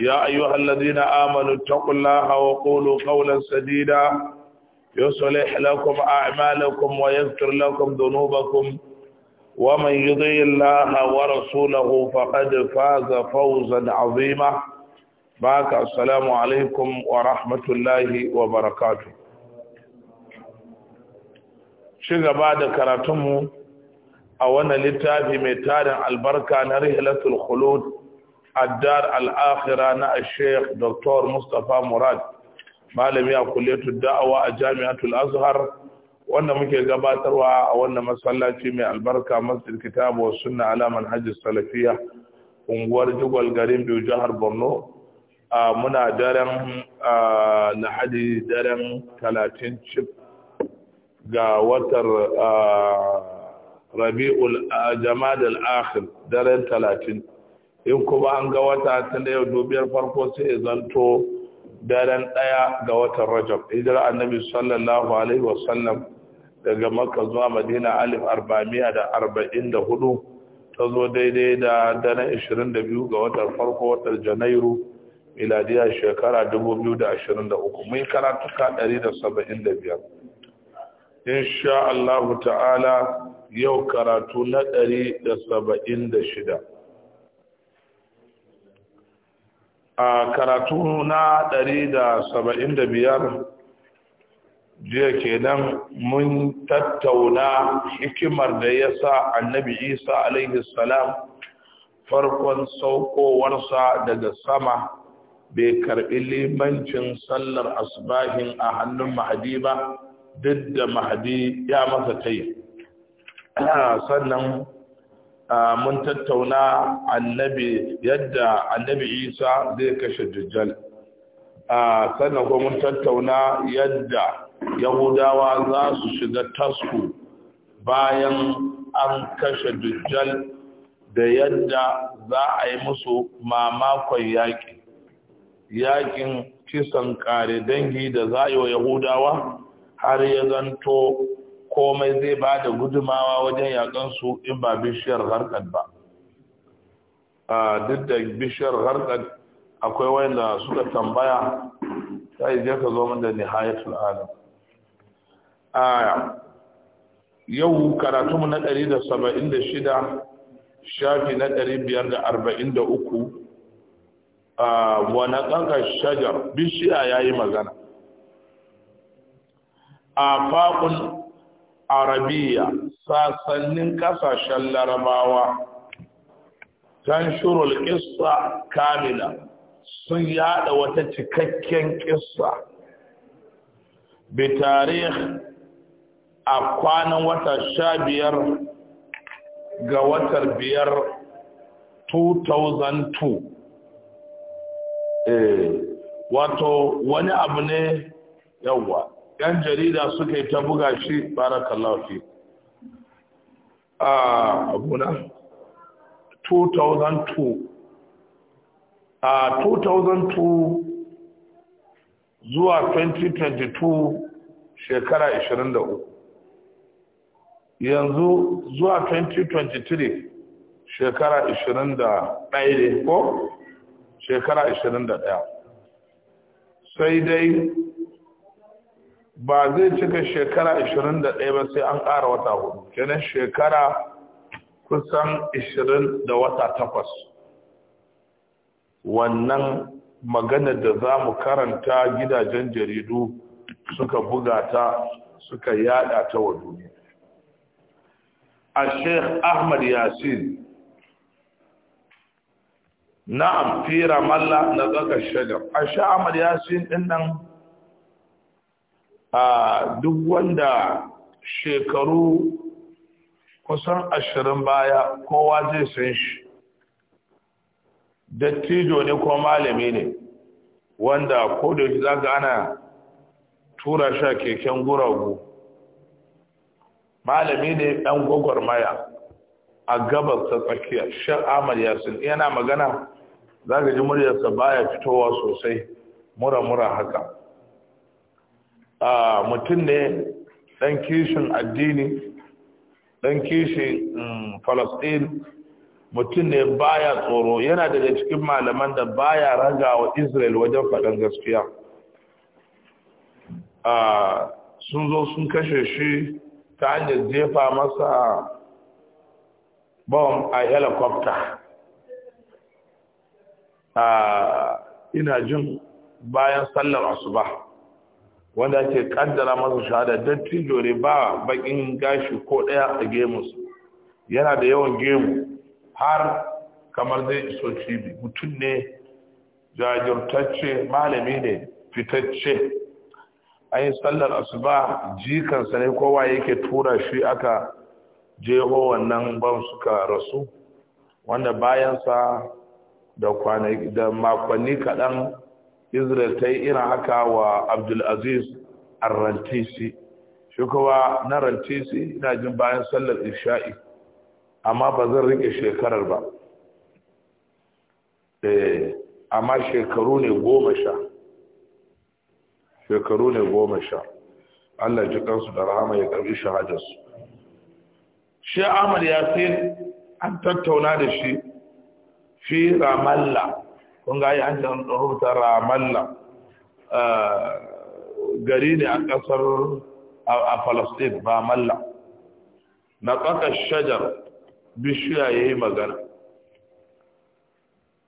يا أيها الذين آمنوا اتقوا الله وقولوا قولا سديدا يصلح لكم أعمالكم ويغفر لكم ذنوبكم ومن يضي الله ورسوله فقد فاز فوزا عظيما باك السلام عليكم ورحمة الله وبركاته شغا بعد كراتمه أولا للتابي ميتان البركة نرحلة الخلود addar al'akhira na sheikh dr mustapha murad malami a kulletu da'awa a jami'atul azhar wanda muke gabatarwa a wannan masallaci mai albarka masjid kitabu wa sunna alaman hajji salafiya unguwar jigwal garin biyu jihar borno muna daren lahadi daren talatin cif ga watar rabi'ul jama'ad al-akhir daren talatin in kuma an ga wata tun da yau dubiyar farko sai ya zanto daren ɗaya ga watan rajab hijira annabi sallallahu alaihi wasallam daga makka zuwa madina alif arba'amiya da arba'in da hudu ta zo daidai da daren ishirin da biyu ga watan farko watan janairu miladiya shekara dubu biyu da ashirin da uku mun karatuka ɗari da saba'in da biyar insha allahu ta'ala yau karatu na ɗari da saba'in da shida a karatu na ɗari da saba'in da biyar jiya kenan mun tattauna hikimar da ya sa annabi isa alaihi salam farkon saukowarsa daga sama bai karɓi limancin sallar asbahin a hannun mahadi ba duk da mahadi ya masa ta yi sannan mun tattauna annabi yadda annabi isa zai kashe dajjal sannan kuma mun tattauna yadda yahudawa za su shiga tasku bayan an kashe dajjal da yadda za a yi musu mamakon yaƙi yaƙin kisan ƙare dangi da za yi wa yahudawa har ya zanto komai zai ba da gudumawa wajen yakan su in ba bishiyar harkar ba duk da bishiyar harkar akwai wanda suka tambaya sai je ka zo min da nihayatul alam aya yau karatu mu na 176 shafi na 543 a wani kankan shajar bishiya yayi magana a faƙun arabiya sassanin kasashen larabawa tanshurul kissa kamila sun yada wata cikakken kissa bi tarikh a kwanan wata sha biyar ga wata biyar 2002 eh, wato wani abu ne yawwa yan jarida suke ta buga shi barakallahu fi a abuna 2002 a 2002 zuwa 2022 shekara 23 yanzu zuwa 2023 shekara 21 ne ko shekara 21 sai dai ba zai cika shekara 21 ba sai an ƙara wata hudu kenan shekara kusan 20 da wata takwas wannan magana da za mu karanta gidajen jaridu suka buga ta suka yada ta wa duniya a sheikh ahmad yasir na'am amfira Malla na zaka shagar a sheikh ahmad yasir din nan a duk wanda shekaru kusan ashirin baya kowa zai san shi dattijo ne ko malami ne wanda ko da za ga ana tura sha keken guragu malami ne ɗan gwagwarmaya a gabas ta tsakiya shan amal yasin yana magana za ka ji muryarsa baya fitowa sosai mura-mura haka mutum ne ɗan kishin addini ɗan kishin mm, falastin mutum ne baya tsoro yana daga cikin malaman da baya raga wa israel wajen faɗin gaskiya sun zo sun kashe shi ta hanyar jefa masa bom a helicopter ina jin bayan sallar asuba wanda ake kaddara masa shahada dattijo ne ba bakin gashi ko daya a gemus yana da yawan gemu har kamar zai iso cibi mutum ne jajirtacce malami ne fitacce an yi sallar asuba jikansa ne kowa yake tura shi aka jeho wannan ban suka rasu wanda bayansa da makonni kaɗan Israel ta yi irin haka wa Abdulaziz Arrantisi, shi kuwa na Rantisi ina jin bayan sallar Isha'i, amma ba zan rike shekarar ba. Eh, amma shekaru ne goma sha, shekaru ne goma sha, Allah ji kansu da rahama ya ƙarfi shahajarsu. Shi Ahmad Yasin an tattauna da shi fi Ramallah. kun ga an can rubuta ramalla eh, gari ne a ƙasar a ba malla na tsaka shajar bishiya ya yi magana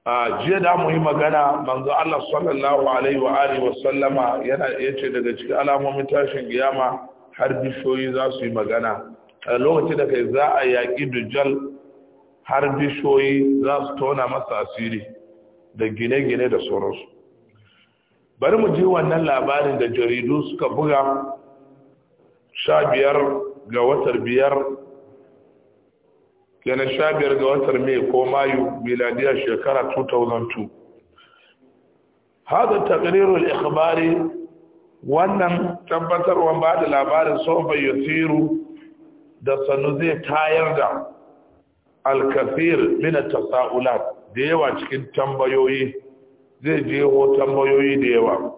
a jiya da mu yi magana manzo Allah sallallahu alaihi wa alihi wa sallama yana yace daga cikin alamomin tashin kiyama har bishoyi za su yi magana a lokacin da kai za a yaƙi dujal har bishoyi za su tona masa asiri da gine-gine da sauransu bari mu ji wannan labarin da jaridu suka buga sha biyar ga watar biyar yana sha biyar ga watar mai ko mayu miladiyar shekara 2002 hada taqrirul ikhbari wannan tabbatarwan ba da labarin Soba yasiru da sanu zai tayar da alkafir mina tasaulat da yawa cikin tambayoyi zai jeho tambayoyi da yawa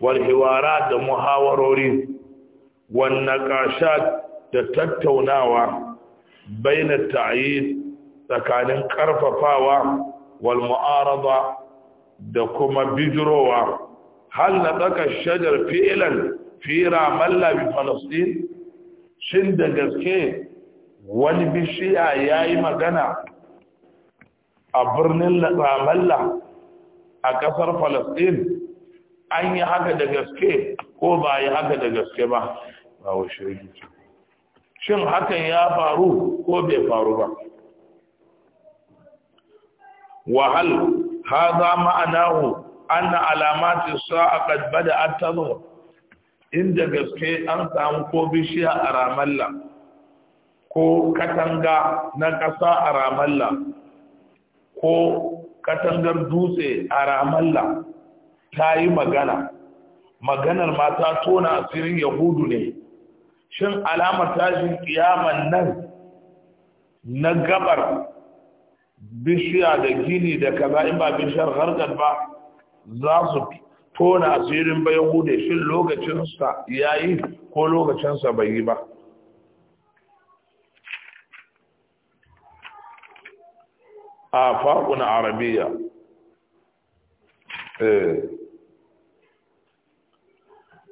wal da muhawarori wan kasha da tattaunawa baina ta'yid tsakanin karfafawa wal mu'arada da kuma bijirowa hal na nadaka shajar fi'lan fi ramallah bi falastin shin da gaske wani bishiya ya yi magana a birnin ramallah a ƙasar Falasɗin an yi haka da gaske ko ba yi haka da gaske ba ba wa shin hakan ya faru ko bai faru ba wahal ana ma'anahu anna alamati sa'a da bada'at tadhhur inda gaske an samu ko bishiya a ramalla ko katanga na ƙasa a ramalla ko katangar dutse a ramalla ta yi magana maganar mata tona asirin yahudu ne shin alamar tashin kiyaman nan na gabar bishiya da gini da kaza in ba bishiyar harkar ba za su tona asirin ba yahudu shin lokacinsa ya yi ko lokacinsa bai yi ba afaqun arabiyya eh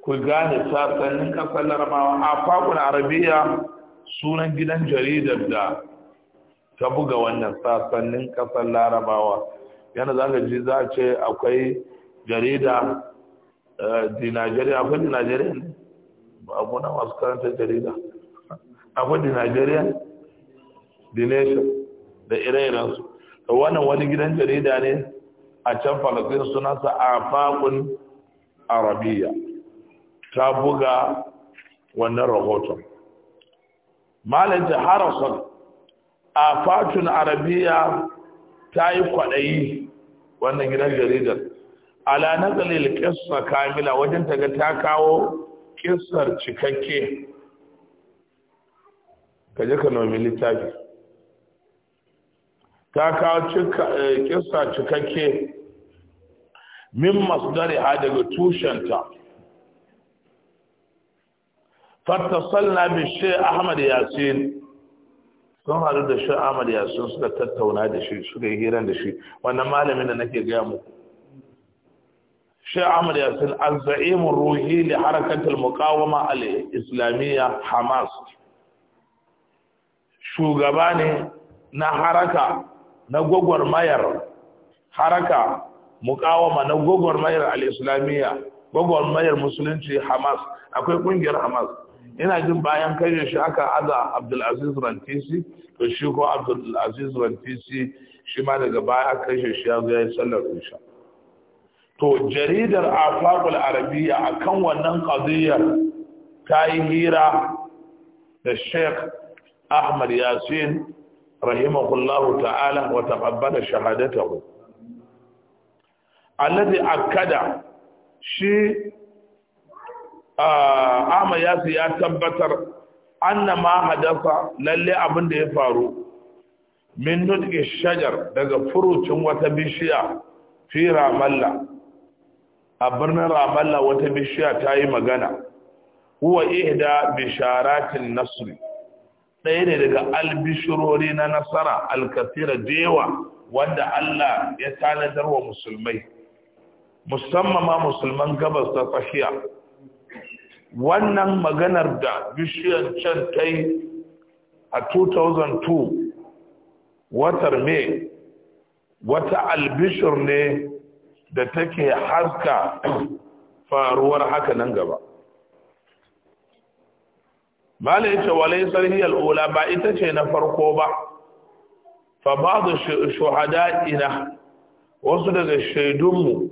ku gane sasannin kasar larabawa afaqun arabiyya sunan gidan jaridar da ta buga wannan sasannin kasar larabawa yana zaka ji za ce akwai jarida di Najeriya akwai di Najeriya ne abu na masu karanta jarida akwai di Najeriya di da ire-irensu wannan wani gidan jarida ne a can falastin sunansa afakun arabiya ta buga wannan rahoton malin a afatun arabiya ta yi kwaɗayi wannan gidan jaridar ala nazalil ƙisar kamila wajen taga ta kawo ƙisar cikakke ka je ka nomi littafi ta kawo eh, kisa cikakke min dare ha daga tushenta fattasalna na shi ahmad yasin sun haɗu da shi ahmad yasin suka tattauna da shi suka yi hiran da shi wannan malamin da nake gaya muku shi ahmad yasin mu ruhi li harakatul muqawama al-islamiyya hamas shugaba ne na haraka na gwagwarmayar haraka mukawama na gwagwarmayar al'islamiyya islamiyya gwagwarmayar musulunci hamas akwai kungiyar hamas ina jin bayan kai shi aka aza abdulaziz rantisi to shi ko abdulaziz rantisi shi ma daga baya aka kai shi ya zo ya yi sallar insha. to jaridar afaqul arabiya akan wannan qadiyar ta yi hira da sheikh ahmad yasin rahimahullahu ta'ala wa taqabbala shahadatahu alladhi akkada shi ama ah, yasu ya tabbatar anna ma lallai lalle abin da ya faru min nutqi shajar daga furucin wata bishiya fi ramalla a birnin ramalla wata bishiya ta yi magana huwa ihda bisharatin nasri ɗaya ne daga albishirori na nasara alkafira dewa wanda Allah ya tanadar wa musulmai musamman ma musulman gabas ta tsakiya wannan maganar da bishiyar can ta yi a 2002 watar mai wata albishir ne da take haska faruwar haka nan gaba mala yace walai sarhi al'ula ba ita ce na farko ba fa ba'd shuhada'ina wasu daga shaidunmu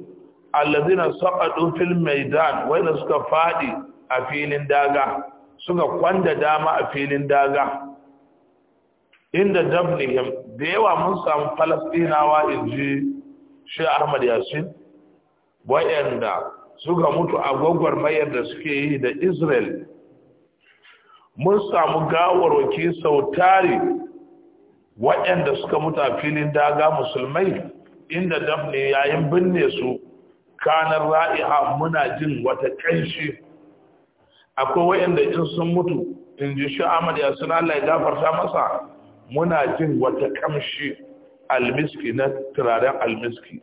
allazina saqadu fil maidan wanda suka fadi a filin daga suka kwanda dama a filin daga inda dabnihim da yawa mun samu falastinawa inji shi ahmad yasin wa'anda suka mutu a mayar da suke yi da israel mun samu gawarwaki sau tare waɗanda suka mutu a filin daga musulmai inda dafne yayin binne su kanar ra'iha muna jin wata ƙanshi akwai waɗanda in sun mutu in ji shi amal ya suna Allah gafarta masa muna jin wata ƙamshi almiski na turaren almiski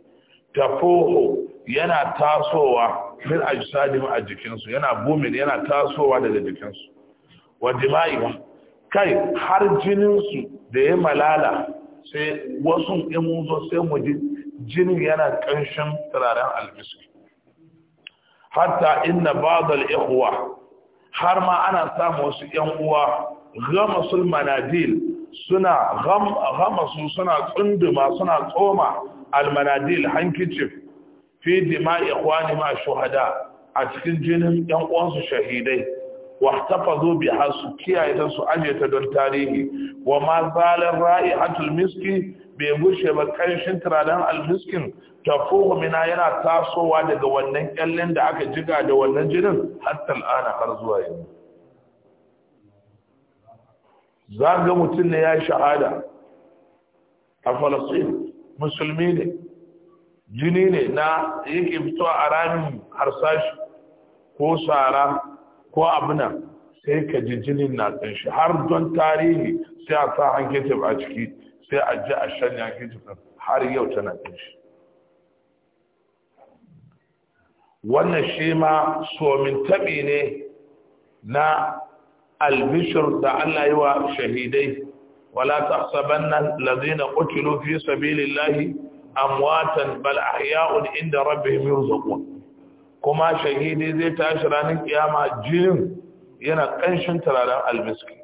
foho yana tasowa min ajsadim a jikinsu yana bumin yana tasowa daga jikinsu wa dima'ihim kai har jininsu da ya malala sai wasu in mun sai mu ji jinin yana ƙanshin turaren almiski hatta inna na al-ikhwa har ma ana samu wasu ƴan uwa ghamasul manadil suna gham ghamasu suna tsunduma suna tsoma al-manadil handkerchief fi dima'i ikhwani ma shuhada a cikin jinin ƴan uwansu shahidai Wata fa zo biya su kiyaye idan su ta don tarihi, wa ma zalun ra'i hatunan miski me bushe ba karshen taradin albiskin tafuhuma na yana tasowa daga wannan 'yallen da aka jiga da wannan jirin hatta al'adun har zuwa yanzu. Za ga ne ya shahada a Falasif Musulmi ne, jini ne na yake fitowa a ramin harsashi ko sara ko abinan sai ka ji jinin na tsanshi har don tarihi sai a sa hankitif a ciki sai a ji a shanya hankitif har yau tana tsanshi wannan shi ma somin taɓi ne na albishir da Allah yi wa shahidai wala nan, lazina, qutilu fi sabilillahi amwatan bal ahya'un inda rabbihim yurzaqun kuma shahidi zai tashi ranar kiyama jinin yana ƙanshin turaren almiski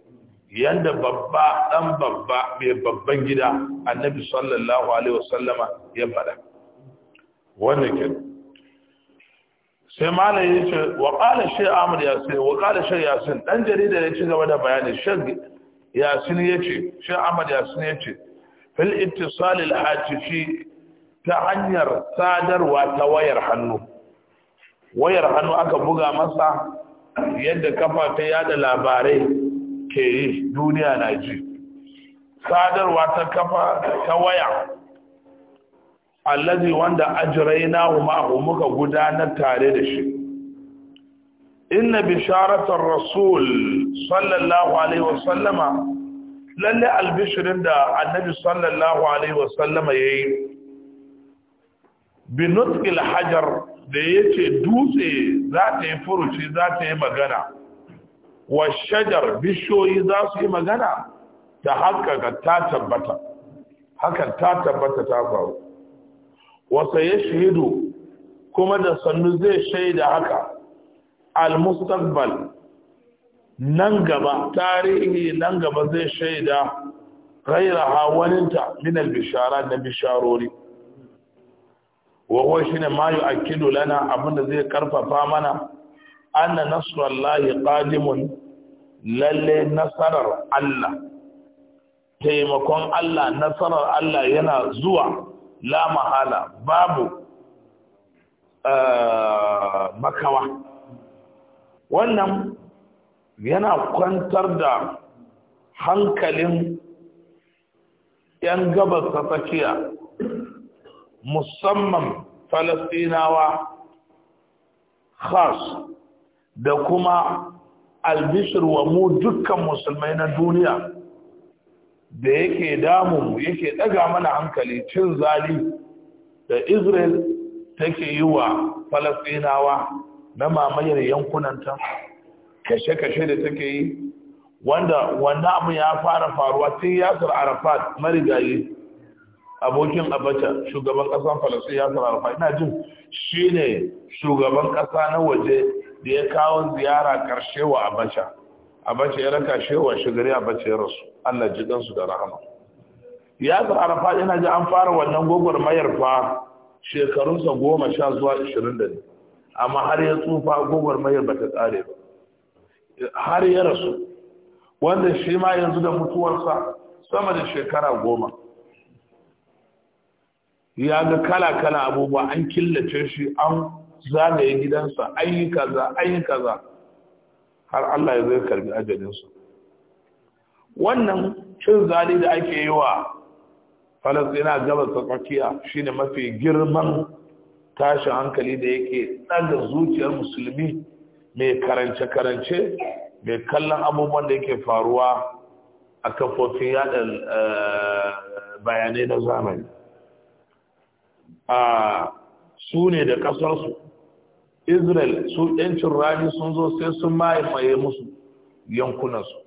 Yadda babba dan babba mai babban gida annabi sallallahu alaihi wasallama ya faɗa wannan ke sai malai ya ce wa qala shay amr yasin wa qala shay yasin dan jarida ya ci gaba da bayani shay yasin ya ce shay amr yasin ya ce fil ittisal al hatifi ta hanyar sadarwa ta wayar hannu wayar hannu aka buga masa yadda kafa ta yada labarai ke yi duniya na ji sadarwa ta kafa ta waya allazi wanda ajraina ma'ahu muka gudanar tare da shi inna bisharatar rasul sallallahu alaihi wasallama lalle albishirin da annabi sallallahu alaihi wasallama yayi binutkil hajar da ya ce dutse za ta yi furuci za ta yi magana wa shajar bishiyoyi za su yi magana ta haƙaƙa ta tabbata hakan ta tabbata ta faru wasa ya kuma da sannu zai shaida haka al-mustaqbal nan gaba tarihi nan gaba zai shaida ghairaha waninta min al-bishara na bisharori wa shi ne a yu'akkidu lana abinda zai karfafa mana anna nasrullahi qadimun lalle nasarar Allah taimakon Allah nasarar Allah yana zuwa la mahala babu eh, makawa wannan yana kwantar da hankalin 'yan gabas ta tsakiya musamman falastinawa khas da kuma albishir wa mu dukkan musulmai na duniya da yake damu yake daga mana hankali cin zali da israel take yi wa falastinawa na mamayar yankunanta kashe-kashe da take yi wanda wannan abu ya fara faruwa tun yasir arafat marigayi abokin abacha shugaban kasan falasin ya tsara alfa ina jin shi ne shugaban kasa na waje da ya kawo ziyara karshe wa abacha abacha ya raka shi wa shigari abacha ya rasu allah ji su da rahama ya tsara alfa ina ji an fara wannan gwagwarmayar fa shekarunsa goma sha zuwa ishirin da ne amma har ya tsufa gwagwarmayar ba ta tsare ba har ya rasu wanda shi ma yanzu da mutuwarsa sama da shekara goma ya ga kala-kala abubuwa an killace shi an zagaye gidansa an yi kaza an yi kaza har Allah ya zai karbi ajalinsu wannan cin zali da ake yi wa falasina gabas ta tsakiya shine mafi girman tashin hankali da yake ɗaga zuciyar musulmi mai karance-karance mai kallon abubuwan da yake faruwa a kafofin yada eh, bayanai na zamani a su ne da ƙasarsu israel su ɗancin rani sun zo sai sun maye musu yankunansu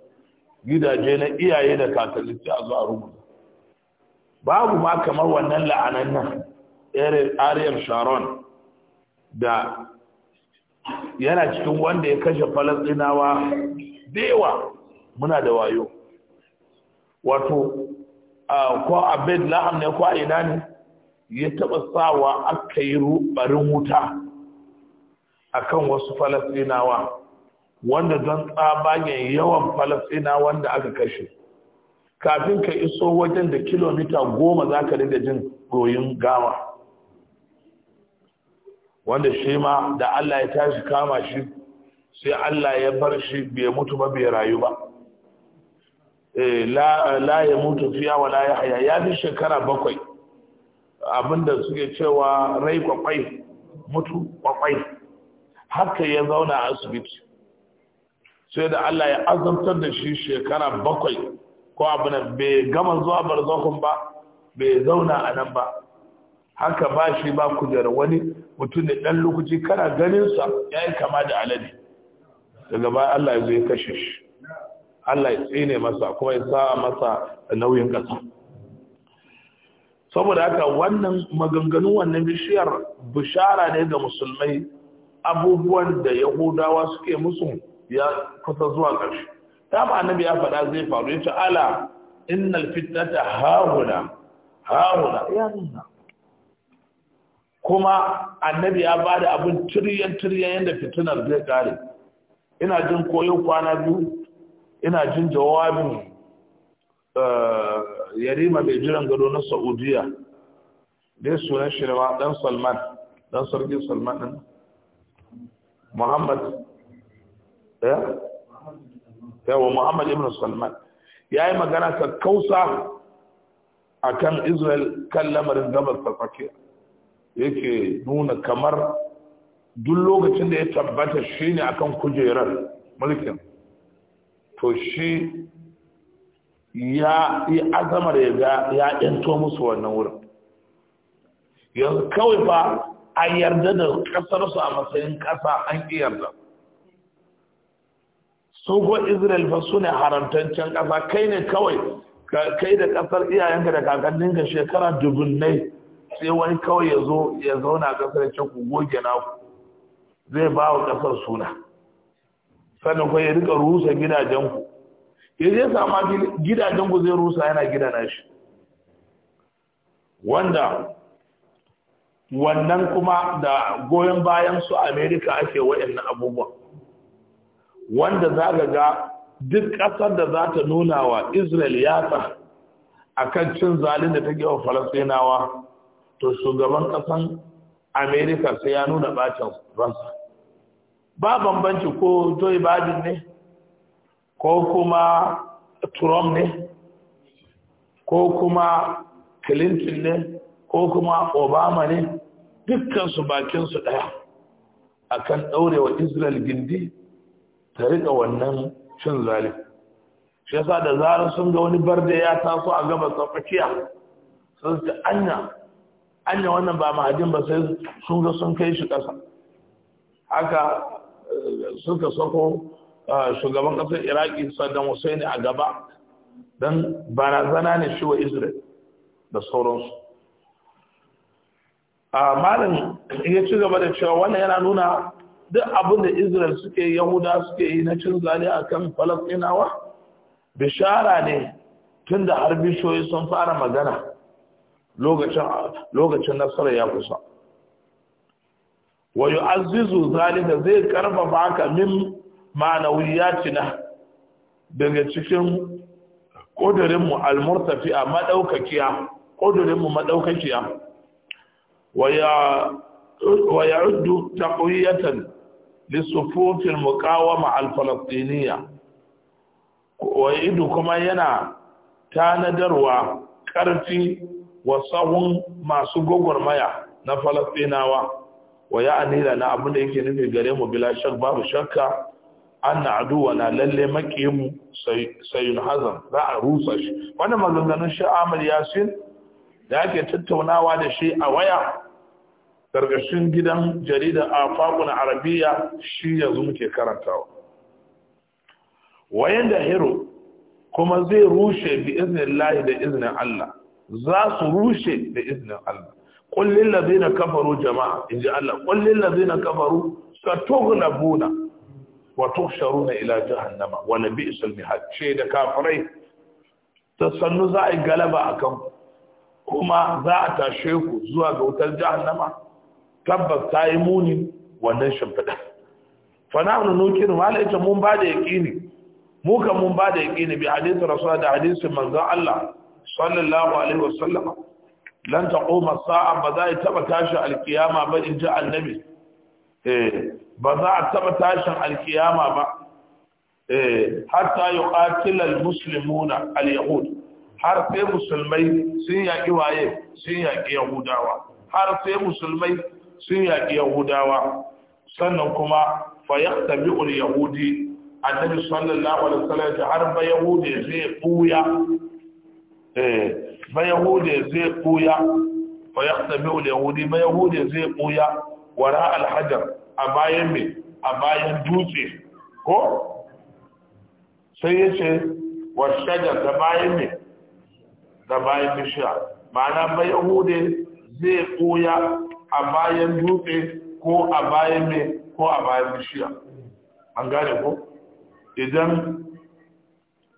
gidaje na iyaye da kakanni a zuwa rubuta babu ma kamar wannan la'anan nan ariyar sharon da yana cikin wanda ya kashe zinawa. dewa muna da wayo wato ko abed la'am ne ko a ina ne ya taɓa sawa aka yi barin wuta a kan wasu falasinawa wanda don tsabanin yawan falasinawa wanda aka kashe kafin ka iso wajen da kilomita goma za ka da jin goyin gawa wanda shi ma da allah ya tashi kama shi sai allah ya bar shi bai mutu ba bai rayu ba eh, la ya mutu fiya wa la ya haya ya fi shekara bakwai abinda suke cewa rai kwakwai mutu kwakwai haka ya zauna a asibiti sai da Allah ya azabtar da shi shekara bakwai ko na bai gama zuwa barzakon ba bai zauna a nan ba haka ba shi ba kujar wani mutum da ɗan lokaci kana ganinsa ya yi kama da alade daga ba Allah ya zo ya kashe shi Allah ya tsine masa kuma ya sa masa nauyin ƙasa saboda haka wannan maganganun wannan bishiyar bishara ne ga musulmai abubuwan da yahudawa suke musu ya kusa zuwa ƙarshe ta ma annabi ya faɗa zai faru ya ce ala innal fitnata hahuna hahuna ya nuna kuma annabi ya ba da abin tiriyan tiriyan yadda fitinar zai kare ina jin koyo kwana biyu ina jin jawabin eh, yarima mai jiran gado na saudiya dai sunan shi rawa dan salman dan sarki salman din muhammad ya eh? yawa muhammad ibn salman ya yi magana ta kausa akan kan israel kan lamarin gabas ta yake nuna kamar duk lokacin da ya tabbata shine ne akan kujerar mulkin to shi ya yi azamar ya ya yanto musu wannan wurin yanzu kawai fa a yarda da ƙasarsu a matsayin ƙasa an ƙi yarda su ko israel fa su ne haramtancen kasa kai ne kawai kai da ƙasar iyayenka da kakanninka shekara dubunnai sai wani kawai ya zo ya zauna kasar ya ku goge naku zai ba wa kasar suna sannan kwa ya rika rusa gidajenku ya zai sama gidajen ku rusa yana gida na shi wanda wannan kuma da goyon bayan su amerika ake wa'annan abubuwa wanda za ga ga duk ƙasar da za ta nuna wa israel yasa a kan cin zalin da ta wa falasinawa to shugaban ƙasar amerika sai ya nuna bacin ransa ba bambanci ko joe biden ne ko kuma trump ne ko kuma clinton ne ko kuma obama ne dukkansu bakinsu ɗaya a kan daurewa israel gindi ta riƙa wannan cin zalim shi yasa da zarar sun ga wani barde ya taso a gabas ta tsakiya sun ta anya anya wannan ba mahadin ba sai sun ga sun kai shi kasa haka eh, suka sako shugaban ƙasar iraki saddam hussein a gaba don barazana ne shi wa israel da sauransu a malin ya ci gaba da cewa wannan yana nuna duk abin da israel suke yahuda suke yi na cin zane a kan falasinawa bishara ne tun da har bishiyoyi sun fara magana lokacin nasarar ya kusa wa yu'azzizu zalika zai karfafa ka min ma'anawiyatina daga cikin ƙudurinmu almurtafi'a maɗaukakiya ƙudurinmu maɗaukakiya wa ya ya'uddu taqwiyatan lisufufin muqawama alfalastiniya wa idu kuma yana tanadarwa ƙarfi wa sahun masu gwagwarmaya na falastinawa wa ya anila na abin da yake nufi gare mu bila shak babu shakka An na anna na lalle mu sayun hazan za a rusa shi Wani maganganun shi amal yasin da ake tattaunawa da shi a waya gargashin gidan jaridar fakuna arabiya shi yanzu muke karantawa wayan da hero kuma zai rushe bi iznin lahi da iznin allah za su rushe da iznin allah kullin lazina kafaru jama'a in ji allah kullin lazina kafaru satughlabuna wa tuhsharuna ila jahannama wa labi'sal mihad da kafirai ta sannu za a yi galaba akan ku kuma za a tashe ku zuwa ga wutar jahannama tabbas ta yi muni wannan shimfiɗa fana'unu nukiru malaita mun ba yaƙini mu mun ba da yaƙini bi hadisi rasuwa da hadisin manzon Allah sallallahu alaihi sa'a ba za ta taba tashi alkiyama ba in ji annabi ba za a taɓa tashin alkiyama ba eh, hatta yi ƙatilar musulmuna al-yahud har sai musulmai sun yaƙi waye sun yaƙi yahudawa har sai musulmai sun yaƙi yahudawa sannan kuma fayyakta bi'ul yahudi annabi sallallahu alaihi wasallam har ba yahudi zai buya eh ba yahudi zai buya fayyakta bi'ul yahudi ba yahudi zai buya wara alhajar a bayan me a bayan dutse ko sai ya ce wasu shajar da bayan me da bayan bishiya ma'ana bai hude zai koya a bayan dutse ko a bayan me ko a bayan bishiya an gane ko idan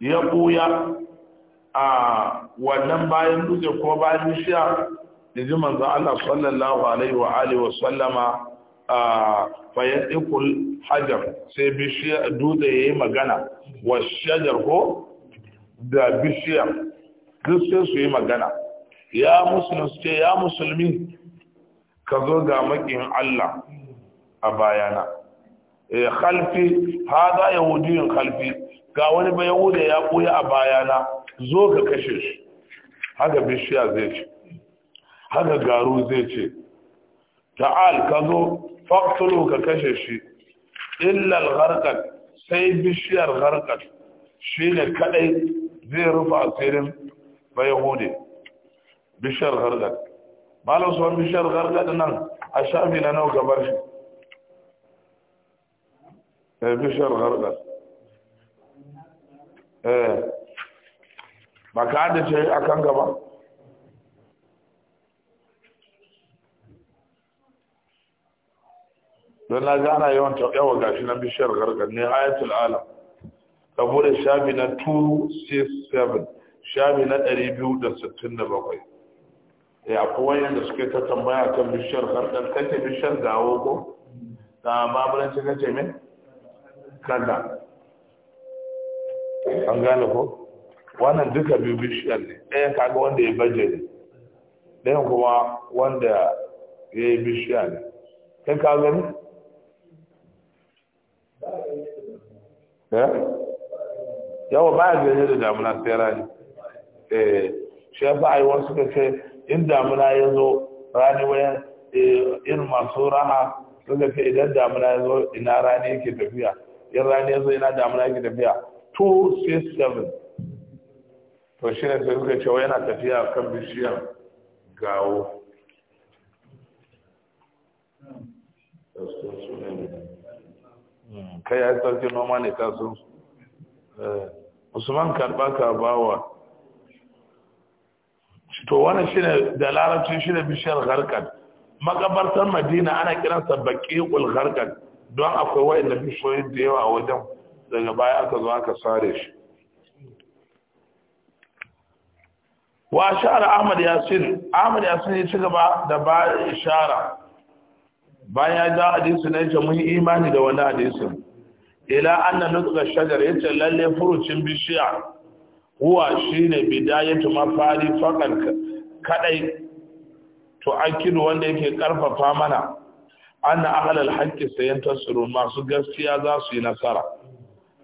ya koya a wannan bayan dutse ko bayan bishiya da ji manzo Allah sallallahu alaihi wa alaihi wa sallama fayan ikul hajar sai bishiyar dutse ya yi magana wa shajar ko da bishiyar duk sai su yi magana ya musulmi su ce ya musulmi ka zo ga makin Allah a bayana eh, khalfi hada yahudiyin khalfi ga wani ba yahuda ya koya a bayana zo ka kashe shi haka bishiya zai ce haka garu zai ce ta'al kazo. faktulu ka kashe shi illar harkar sai bishiyar harkar shine ne kadai zai rufe asirin ba yahudi bishiyar harkar malam suwan bishiyar harkar nan a shafi na nau gabar shi eh, bishiyar harkar eh, ba ka da ce akan gaba don na gana yawan yawa gashi na bishiyar ne ayatul alam ka shabi shafi na 267 shafi na 267 ya eh, akwai yadda suke ta tambaya kan bishiyar gargar kake bishiyar gawo ko ta babulanci kace min kada an gane ko wannan duka biyu bishiyar ne ɗaya kaga wanda ya baje ne ɗayan kuma wanda ya yi bishiyar ne kai ka gani Eh? yawa ba a ganye da damuna sai rani eh, shi ya ba a suka ce in damuna ya zo rani waya eh, in masu raha suka ce idan damuna ya zo ina rani yake tafiya in rani ya zo ina damuna yake tafiya 267 to shi ne sai suka ce yana tafiya kan bishiyar gawo kai ya sarki noma ne ka sun eh, Usman karba ka bawa to wannan shine da larabci shine bishiyar harkar makabartar madina ana kiransa baqiqul harkar don akwai wa'anda bishiyoyin da yawa a wajen daga baya aka zo aka sare shi wa shara ahmad yasin ahmad yasin ya ci gaba da ba ishara Baya da hadisi na yace mun imani da wani hadisi ila anna nutqa shajar yace lalle furucin bishiya huwa shine bidayatu mafari faqan kadai to akidu wanda yake karfafa mana anna ahlal haqqi sayantasiru masu gaskiya za su yi nasara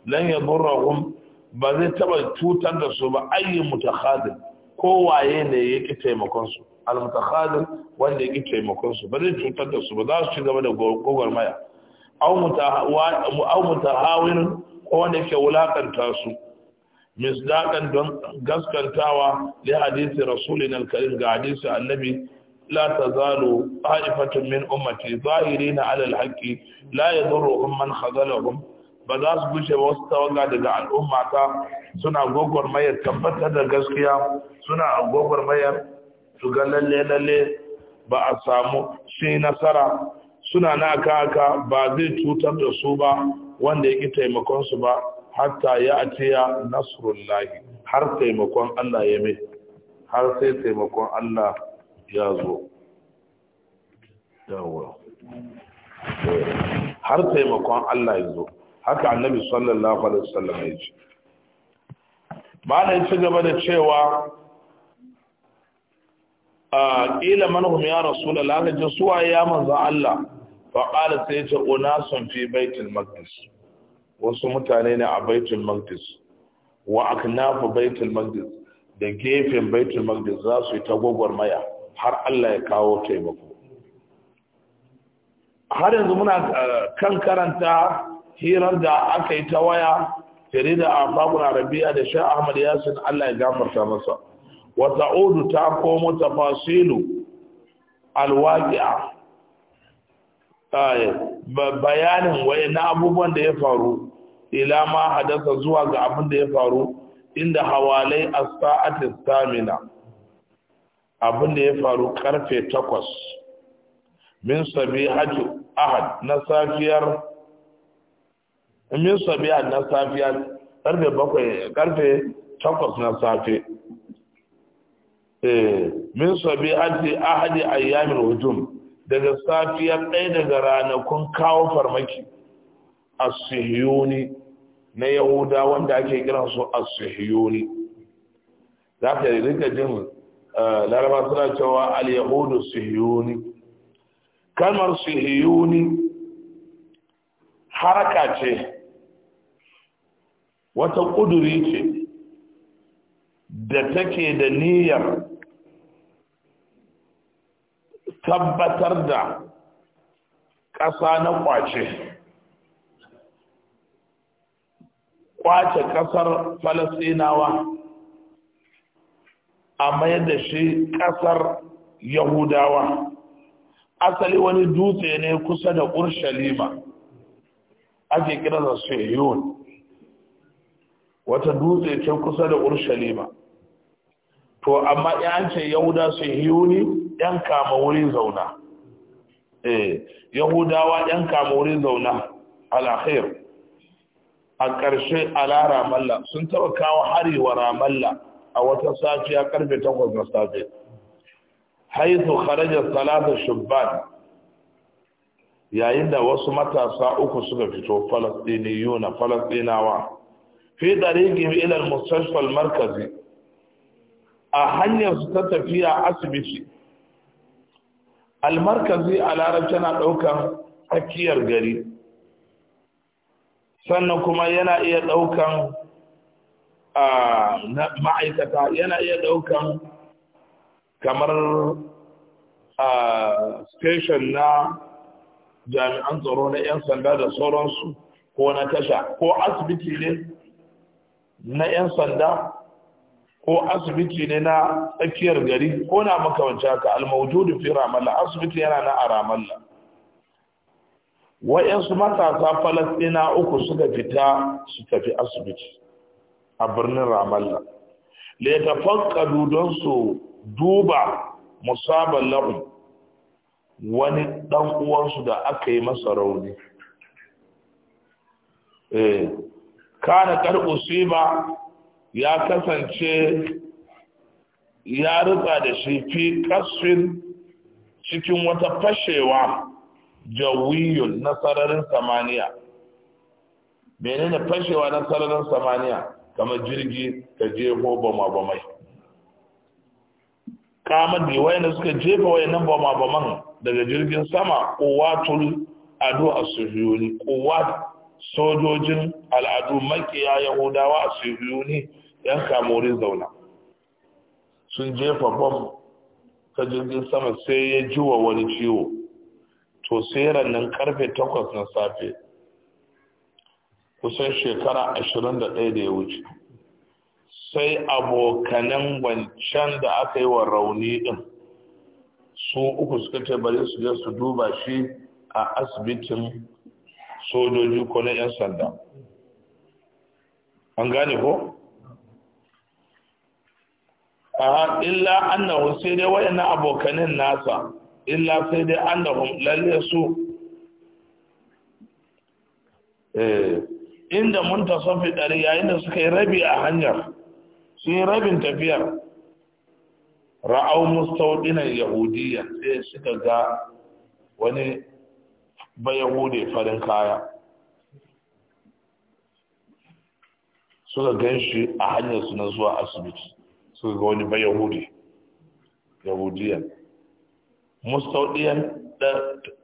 lan yadurruhum ba zai taba cutar da su ba ayyi mutakhadin kowaye ne ya ƙi taimakonsu almutakhadin wanda ya ƙi taimakonsu ba zai cutar da su ba za su ci gaba da maya au mutahawin ko wanda yake wulakanta su misdaƙan don gaskantawa li hadisi rasulin alkarim ga hadisi annabi la tazalu ta'ifatun min ummati zahirina ala alhaqi la yadurruhum man khadalahum ba za su gushe wasu tawaga daga al'umma ta suna mayar tabbatar da gaskiya suna mayar su ga lalle-lalle ba a samu shi nasara suna na aka ba zai cutar da su ba wanda yake taimakon su ba hatta ya a nasarun lahi har taimakon Allah ya mai har sai taimakon Allah ya zo har taimakon Allah ya zo haka annabi sallallahu alaihi wasallam ya ce malam ci gaba da cewa a ila manhum ya rasulullah la ji suwa ya manzo Allah fa qala sai ce sun fi baitul maqdis wasu mutane ne a baitul maqdis wa aknafu baitul maqdis da gefen baitul maqdis za su yi ta maya har Allah ya kawo taimako har yanzu muna eh, kan karanta hirar da aka yi ta waya jarida da babun arabiya da sha ahmad yasin allah ya gafarta masa wata udu ta komo ta tafasilu alwaƙi'a bayanin wai na abubuwan da ya faru ila ma hadasa zuwa ga abin da ya faru inda hawalai a sa'atin samina abin da ya faru karfe takwas min sabi ahad na safiyar min sabiya na safiya karfe bakwai karfe takwas na safe eh, min sabi hadi ahadi ayyamin hujum daga safiya ɗaya daga ranakun kawo farmaki A asihiyoni na yahuda wanda ake kiran su asihiyoni za ka rika jin eh, laraba suna cewa al-yahudu sihiyoni kalmar sihiyoni haraka ce wata ƙuduri ce da take da niyyar tabbatar da ƙasa na ƙwace ƙwace ƙasar falasinawa a mayar da shi ƙasar yahudawa asali wani dutse ne kusa da urshalima ake da shehiyun wata dutse ce kusa da urshalima to amma yan ce yahuda su hiyuni yan kama wuri zauna eh yahudawa yan kama wuri zauna alakhir a ƙarshe ala ramalla sun taɓa kawo hari wa ramalla a wata safiya karfe takwas na safe haithu kharaja salatu shubban yayin da wasu matasa uku suka fito falastiniyuna falastinawa fi darigin ilar mustashfal markazi a hanyar su ta tafiya asibiti almarkazi a larabci na ɗaukan tsakiyar gari sannan kuma yana iya ɗaukan ma'aikata yana iya ɗaukan kamar station na jami'an tsaro na 'yan sanda da sauransu ko na tasha ko asibiti ne na 'yan sanda ko asibiti ne na tsakiyar gari ko na makamanci haka almaujudu fi ramallah asibiti yana na a ramallah wa'yansu matasa falastina uku suka fita su tafi asibiti a birnin ramallah littafakkadu don su duba musaban laun wani ɗan uwansu da aka yi masa rauni eh, kana kar usiba ya kasance ya rutsa da shi fi kasfin cikin wata fashewa jawiyun na sararin samaniya menene fashewa na sararin samaniya kamar jirgi ta jefo bama bamai kamar da wayan na suka jefa wayannan bama daga jirgin sama kowatul ado a suhiyoni kowatul sojojin al'adu makiya yahudawa a siriyuni yan kamorin zauna sun jefa bom ta jirgin sama sai ya ji wa wani ciwo to sai rannan karfe takwas na safe kusan shekara ashirin da ɗaya da ya wuce sai abokanan wancan da aka yi wa rauni ɗin su uku suka ce bari su je su duba shi a asibitin sojoji ko na 'yan sanda an gane ko? a illa annahu sai dai wayanna abokanin nasa illa sai dai annahu lalle su eh inda muntasafi fiɗari yayin da suka yi rabi a hanyar su yi rabin tafiyar ra'au mustaudinan yahudiyya sai suka ga wani ba hude farin kaya suka gan shi a hanyar suna zuwa asibiti suka ga wani ba hude yahudiyan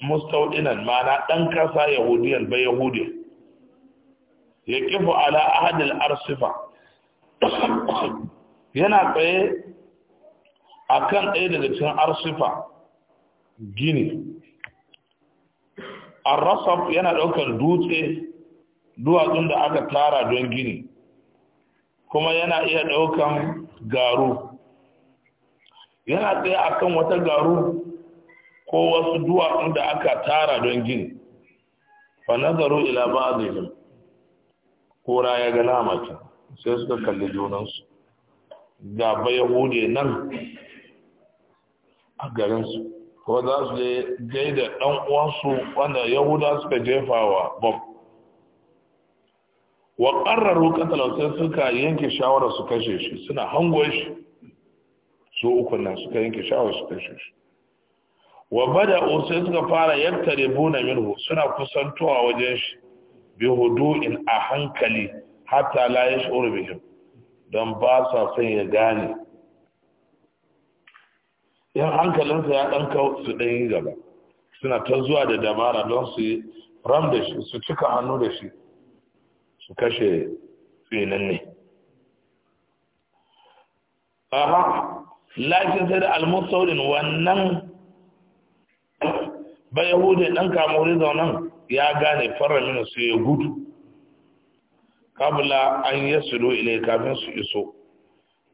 mustaudinan mana ɗan kasa yahudiyan ba yahudi ya kifu ala ahadil arsifa yana tsaye a kan ɗaya daga cin arsifa gini arrasaf yana ɗaukar dutse duwatsun da aka tara don gini kuma yana iya ɗaukan garu yana tsaya akan wata garu ko wasu duwatsun da aka tara don gini fa nazaru ila ba'dihim kora ya ga namacin sai suka kalli junansu ga bayahude nan a garinsu ko za su je da ɗan uwansu wanda yahuda suka jefa wa bob wa ƙarraru sai suka yanke shawarar su kashe shi suna hangon shi su uku na suka yanke shawarar su kashe shi wa bada sai suka fara yattare buna minhu suna kusantowa wajen shi bi in a hankali hatta la yash'uru bihim don ba sa son ya gane yan hankalinsa ya ɗan kau su ɗan yi gaba suna ta zuwa da dabara don su yi ram da shi su cika hannu da shi su kashe tsinin ne aha lakin sai da almusaurin wannan ba yahudi ɗan kamuri zaunan ya gane faramin su ya gudu kabula an yi sulo ilai kafin su iso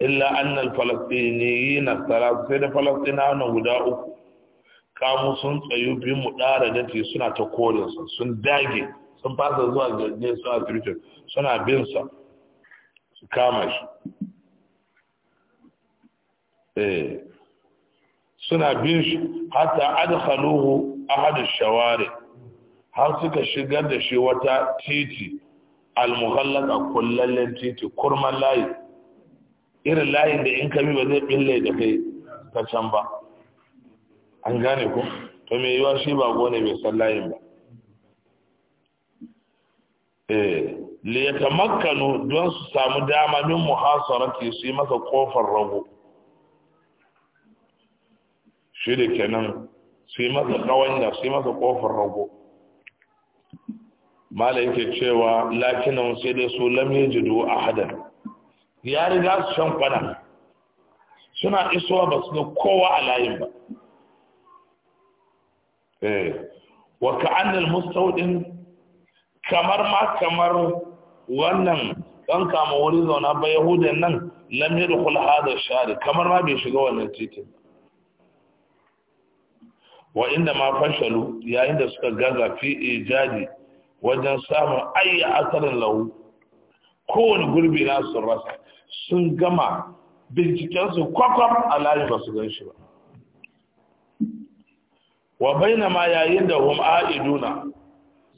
illa annal Falastiniyyi nasara, sai da falastinawa guda uku kamu sun tsayu bi mu da dati suna ta korinsa sun dage sun fasa zuwa jirgin suna twitter suna bin sa su kama shi eh, suna bin shi hatta adkhaluhu ahad shawari har suka shigar da shi wata titi al-mughallaqa kullallen titi kurman layi irin layin da in kami ba zai bille da kai ta can ba an gane ku to mai yiwa shi ba gone bai san layin ba eh, li yatamakkanu don su samu dama min muhasarati su yi masa kofar rago shi da kenan su yi masa kawanya su yi masa kofar rago mala yake cewa lakinan sai dai su lam yajidu ahadan Yari za su shan kwana suna isowa ba su ga kowa a layin ba eh, wa ka'annal ɗin kamar ma kamar wannan ɗan kama wuri zauna ba yahudan nan lam yadkhul hada shari kamar ma bai shiga wannan titin wa inda ma fashalu yayin da suka gaza fi ijadi wajen samun ayyar asarin lahu kowane gurbi na sun rasa sun gama bincikensu kwakwam a layi ba su gan shi ba wa baina ma yayin da hum a'iduna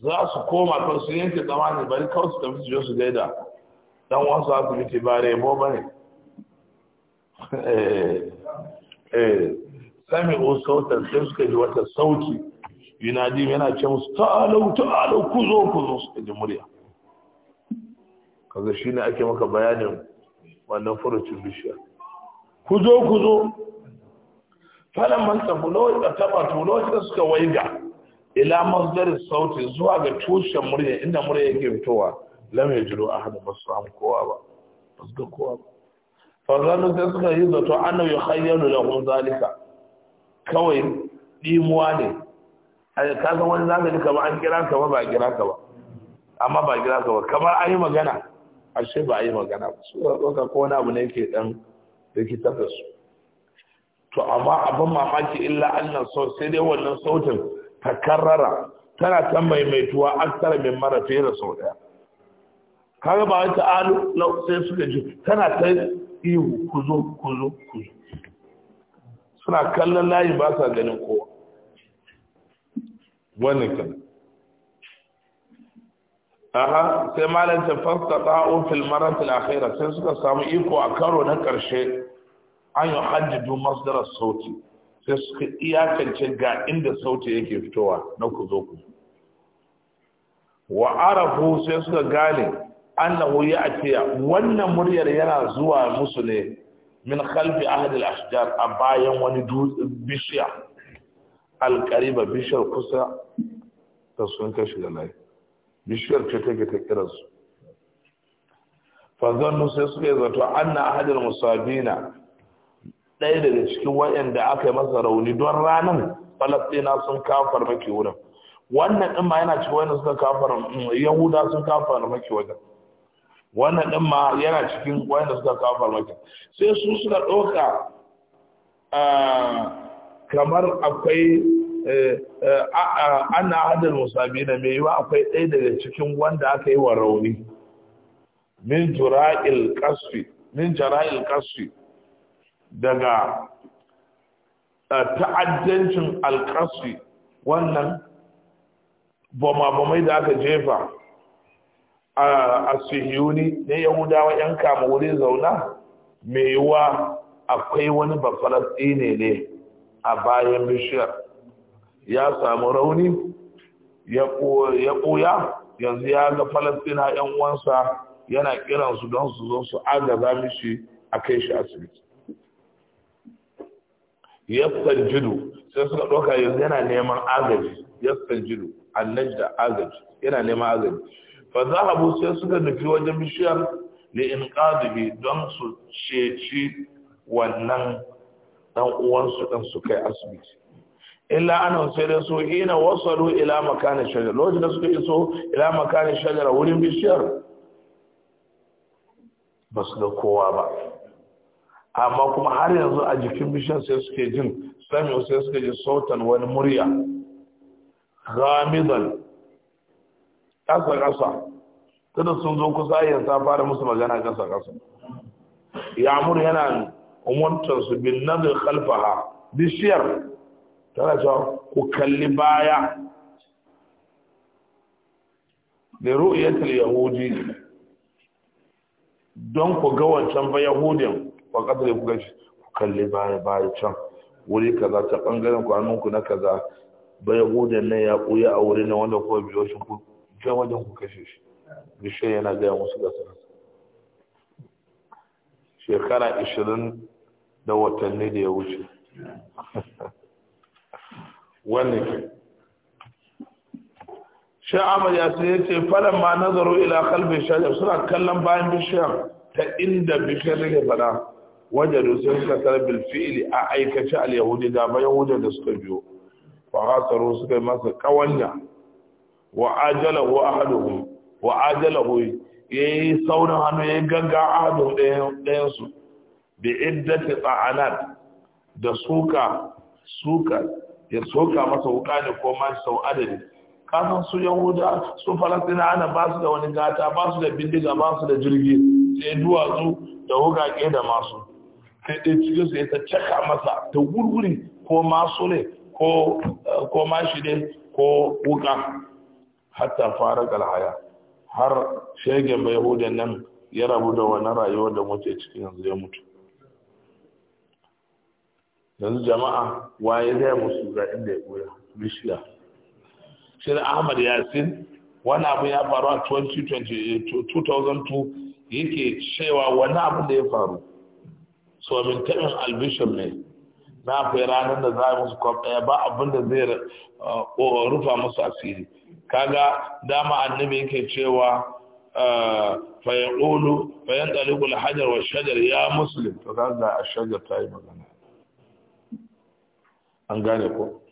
za su koma kan su yanke tsammanin bari kawai su tafi su su gaida dan wasu asibiti ba rebo ba ne eh, eh, sami o sautar sai suka ji wata sauki yunadi yana ce musu ta'alau ta'alau ku zo ku zo suka ji murya kaga shi ne ake maka bayanin wannan furucin bishiya ku zo ku zo falon manta bulo da taba tulo da suka waiga ila mazdari sautin zuwa ga tushen murya inda murya yake fitowa lam yajidu ahad ba su kowa ba ba su ga kowa ba fazanu sai suka yi zato annahu yukhayyalu lahum zalika kawai dimuwa ne ka san wani zaka ji kamar an kira ka ba ba kira ka ba amma ba kira ka ba kamar an yi magana ashe ba a yi magana ba su da ko wani abu ne ke ɗan rikitar da su to amma abin mamaki illa annan sau sai dai wannan sautin ta karrara tana ta maimaituwa tara mai mara fiye da sau ɗaya kaga ba wata alu sai suka ji tana ta ihu kuzo kuzo kuzo suna kallon layi ba sa ganin kowa wannan aha sai malam ta fastata fil marat al akhira sai suka samu iko a karo na karshe an yi haddidu masdar sauti sai suka iyakance ga inda sauti yake fitowa na ku zo ku wa arafu sai suka gane annahu ya atiya wannan muryar yana zuwa musu ne min khalfi ahli al ashjar a bayan wani bishiya al qariba bishar kusa ta sun kashi da lafiya bishiyar ce take ta kiransu fazannu sai suka yi zato an na hadin musabina ɗaya daga cikin waɗanda aka yi masa rauni don ranar falastina sun kafar maki wurin wannan ɗin ma yana cikin wani suka kafar mm, yahuda sun kafar maki wajen wannan ɗin ma yana cikin wanda suka kafar maki sai su suka ɗauka ah, kamar akwai Eh, eh, ana hadar musabi na mai yiwa akwai ɗaya daga cikin wanda aka yi wa rauni min jara'il kasfi daga eh, ta'addancin alkasfi wannan bama-bamai da aka jefa a sihiyuni na yahudawa 'yan kama wuri zauna mai yiwa akwai wani bafalasti ne ne a bayan bishiyar ya samu rauni ya ɓoya yanzu ya ga falastina yan uwansa yana kiransu don su zo su agaza mishi a kai shi asibiti ya jidu sai suka ɗauka yanzu yana neman agaji yastan jidu annajda agaji yana neman agaji fa zahabu sai suka nufi wajen bishiyar li inqadihi don su ceci wannan dan uwansu dan su kai asibiti illa ana sai da su ina wasalu ila makanin shajar lokacin da suka iso ila makanin shajar wurin bishiyar ba su ga kowa ba amma kuma har yanzu a jikin bishiyar sai suke jin sami sai suke ji sautan wani murya ghamizan ƙasa ƙasa tunda sun zo kusa yin ta fara musu magana ƙasa ƙasa ya mur yana umartar su bin nazar khalfaha bishiyar tana cewa ku kalli baya da ru'yatul yahudi don ku ga wancan ba yahudin ba kadare ku gashi ku kalli baya baya can wuri kaza ta bangaren ku na kaza ba yahudin nan ya ɓuya a wuri na wanda kuma biyo shi ku ga wajen ku kashe shi bishe yana gaya musu da sana shekara 20 da watanni da ya wuce wannan ke shi amal ya sai yace falan ma nazaru ila qalbi shajar suna kallon bayan bishiyar ta inda bishiyar take fada wajadu sai suka tarbil fi'li a aikace al yahudi da ba yahuda da suka biyo fa hasaru suka masa kawanya wa ajalahu ahaduhum wa yayi saurin hannu yi ganga ahadu ɗayan su bi iddati ta'anat da suka suka ya soka masa wuka ne ko ma sau adadi kasan su yahuda su falastina ana ba su da wani gata ba su da bindiga ba su da jirgi sai duwatsu da wukake da masu sai dai cikin su ya ta caka masa ta wurwuri ko masu ne ko eh, shi ne ko wuka hatta fara galhaya har shege bai yahudan nan ya rabu da wani rayuwar da muke cikin yanzu ya mutu yanzu jama'a waye zai musu ga inda ya koya bishiya shi da ahmad yasin wani abu ya faru a 2002 yake cewa wani abu da ya faru so min tabin albishir ne na kai ranar da za a musu kwaf ɗaya ba abin da zai uh, rufa musu asiri kaga dama annabi yake cewa uh, fayan ulu fayan hajar wa shajar ya musulun to kaga a shajar ta yi magana an gane ko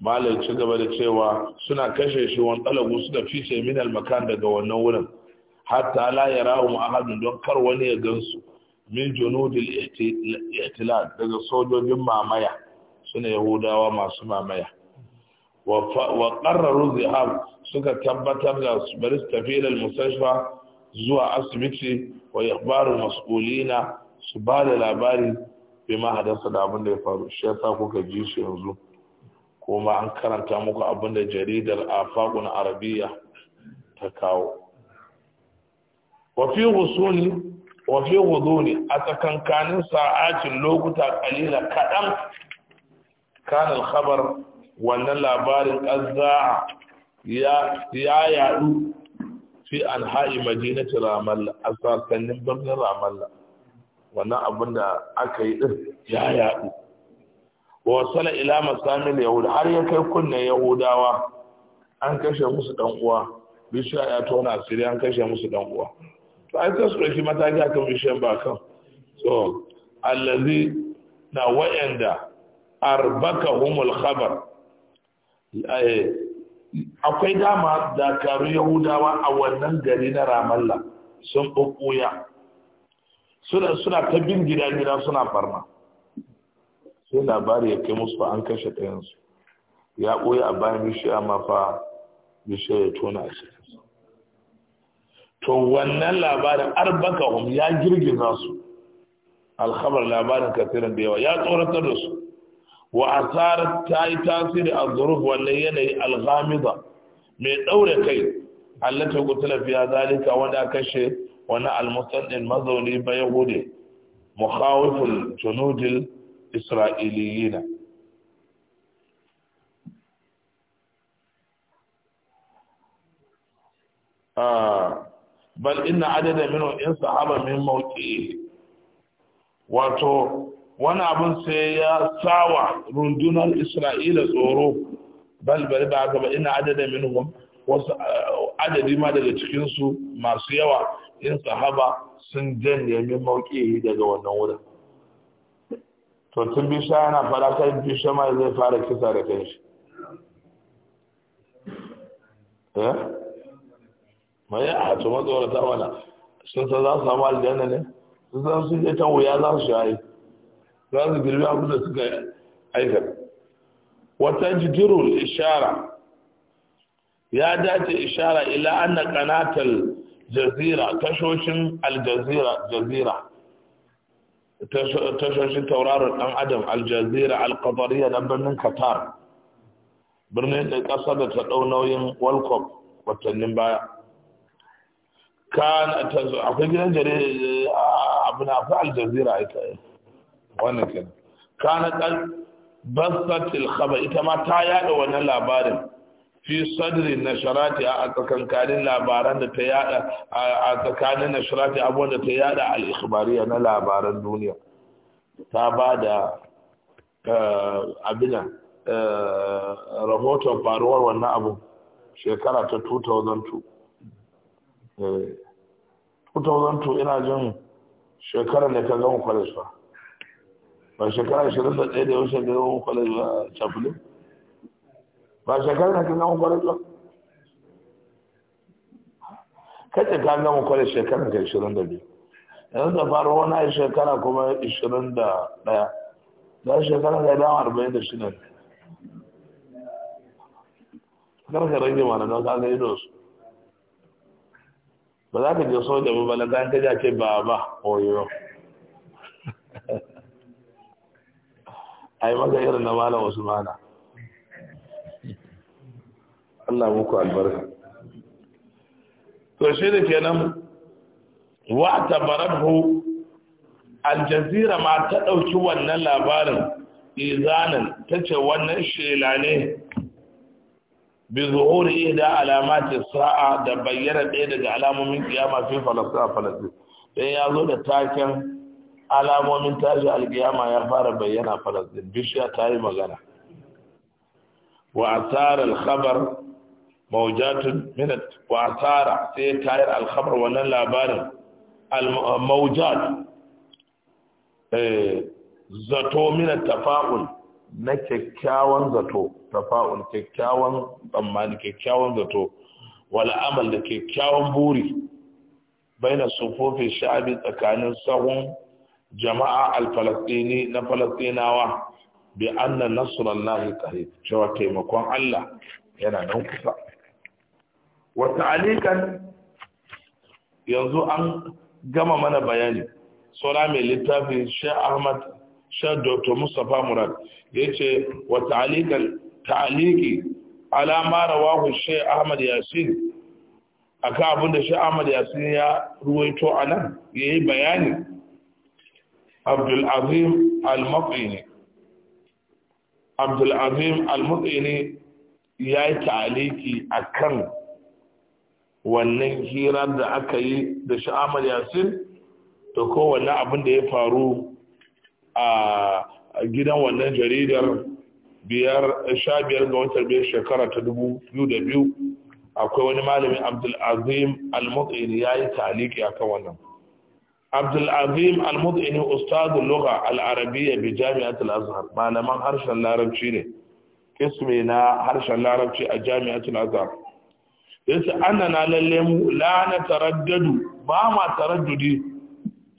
malam ci gaba da cewa suna kashe shi wani talabu suka fice min almakan daga wannan wurin hatta la ya yarahum ahadun don kar wani ya gansu min junudil ihtilal daga sojojin mamaya suna yahudawa masu mamaya wa qarraru zihab suka tabbatar da su bari su tafi da musashfa zuwa asibiti wa ikhbaru mas'ulina su ba da labari fi ma hadasa da abin da ya faru shi yasa kuka ji shi yanzu kuma an karanta muku abin da jaridar afaqun arabiya ta kawo wa fi husuni wa fi a tsakankanin sa'atin lokuta kalila kadan kanal khabar wannan labarin qazza'a ya ya yadu fi anha'i madinati ramallah a birnin ramallah wannan abin da aka yi din ya yaɗu wa wasala ila masamil yahud har ya kai kunne yahudawa an kashe musu dan uwa bishiya ya tona asiri an kashe musu dan uwa to ai sai su ɗauki mataki akan bishiyan ba kan so allazi na wa'anda arbaka humul khabar akwai dama dakaru yahudawa a wannan gari na ramallah sun ɓuɓɓuya suna suna ta bin gida gida suna farma sai labari ya kai musu an kashe ɗayansu ya ɓoye a bayan bishiya ma fa bishiya ya tona a to wannan labarin hum ya girgiza su alkhabar labarin kasirin da yawa ya tsoratar da su wa asara ta yi tasiri a zuruf wannan yanayi alhamida mai ɗaure kai allata ku fiya zalika wanda kashe wani almusaddin mazauni ba ya gude mukhawiful junudil isra'iliyina ah, bal ina adada minhum in sahaba min mauki wato wani abun sai ya sawa rundunar isra'ila tsoro bal bari ba haka ba ina adada min wasu ah, adadi ma daga cikinsu masu yawa in sahaba sun jan min mauki daga wannan wurin to tun bisha yana fara kan bisha ma zai fara kisa da kanshi eh mai a to ta wala sun sa za su samu aljanna ne sun san sun je ta wuya za su shayi za su girbi abin da suka aikata wata jidirul ishara ya dace ishara ila anna qanatal jazira tashoshin aljazira jazira tashoshin tauraron dan adam aljazira alqadariya na birnin qatar birnin da kasar da ta dau nauyin world cup watannin baya kan akwai gidan jare eh, abu na fa aljazira ita eh. wannan kenan kana kan basatil khaba ita ma ta yada wannan labarin fi na nasharati a tsakankanin labaran da ta yada a tsakanin nasharati abubuwan da ta yada al-ikhbariya na labaran duniya ta ba da eh, abina eh, rahoton faruwar wannan abu shekara ta 2002 2002 eh, ina jin shekarar ne ta gama kwalis ba ba shekara 21 da yau shekarar kwalis ba chapulin ba shekarar ka gama kwarai ba kacce ka gama kwarai shekarar ka 22 yanzu da faru wani shekara kuma 21 da shekara ga dama 46 ne ka rage mana don ka gani dosu ba za ka je so da ba bala ta ta ce ba ba oyo ai maza irin na malam mana. Allah muku albarka to shi da kenan wa tabaratu aljazira ma ta dauki wannan labarin izanan tace wannan shela ne bi zuhuri ihda alamati sa'a da bayyana ɗaya daga alamomin kiyama fi falastin a falastin dan ya zo da taken alamomin tashi alkiyama ya fara bayyana falastin bishiya ta yi magana wa asarar khabar maujatun minat wa asara sai tayar alkhabar wannan labarin maujat eh, zato minat tafa'ul na kyakkyawan zato tafa'ul kyakkyawan tsammani kyakkyawan zato wala amal da kyakkyawan buri baina sufofin sha'abi tsakanin sahun jama'a alfalastini na falastinawa bi anna nasrullahi qarib cewa taimakon Allah yana nan kusa wa ta'alikan yanzu an gama mana bayani sura mai littafin Sheikh Ahmad Sheikh Dr. Mustapha Murad yace wa ta'alikan ta'aliki ala ma rawahu Sheikh Ahmad Yasin A abin abinda Sheikh Ahmad Yasin ya ruwaito anan yayi bayani Abdul Azim Al-Maqini Abdul Azim Al-Maqini yayi ta'aliki akan wannan hira da aka yi da sha'amar yasin da kowane abin da ya faru a gidan wannan jaridar biyar sha biyar ga watan biyar shekara ta dubu biyu da biyu akwai wani malamin abdulazim al ya yi taliki a kan wannan abdulazim al-mut'ini ustadun lugha bi jami'ar azhar malaman harshen larabci ne kisme na harshen larabci a jami'ar azhar ya ce annana lalle mu la na taraddadu ba ma taraddudi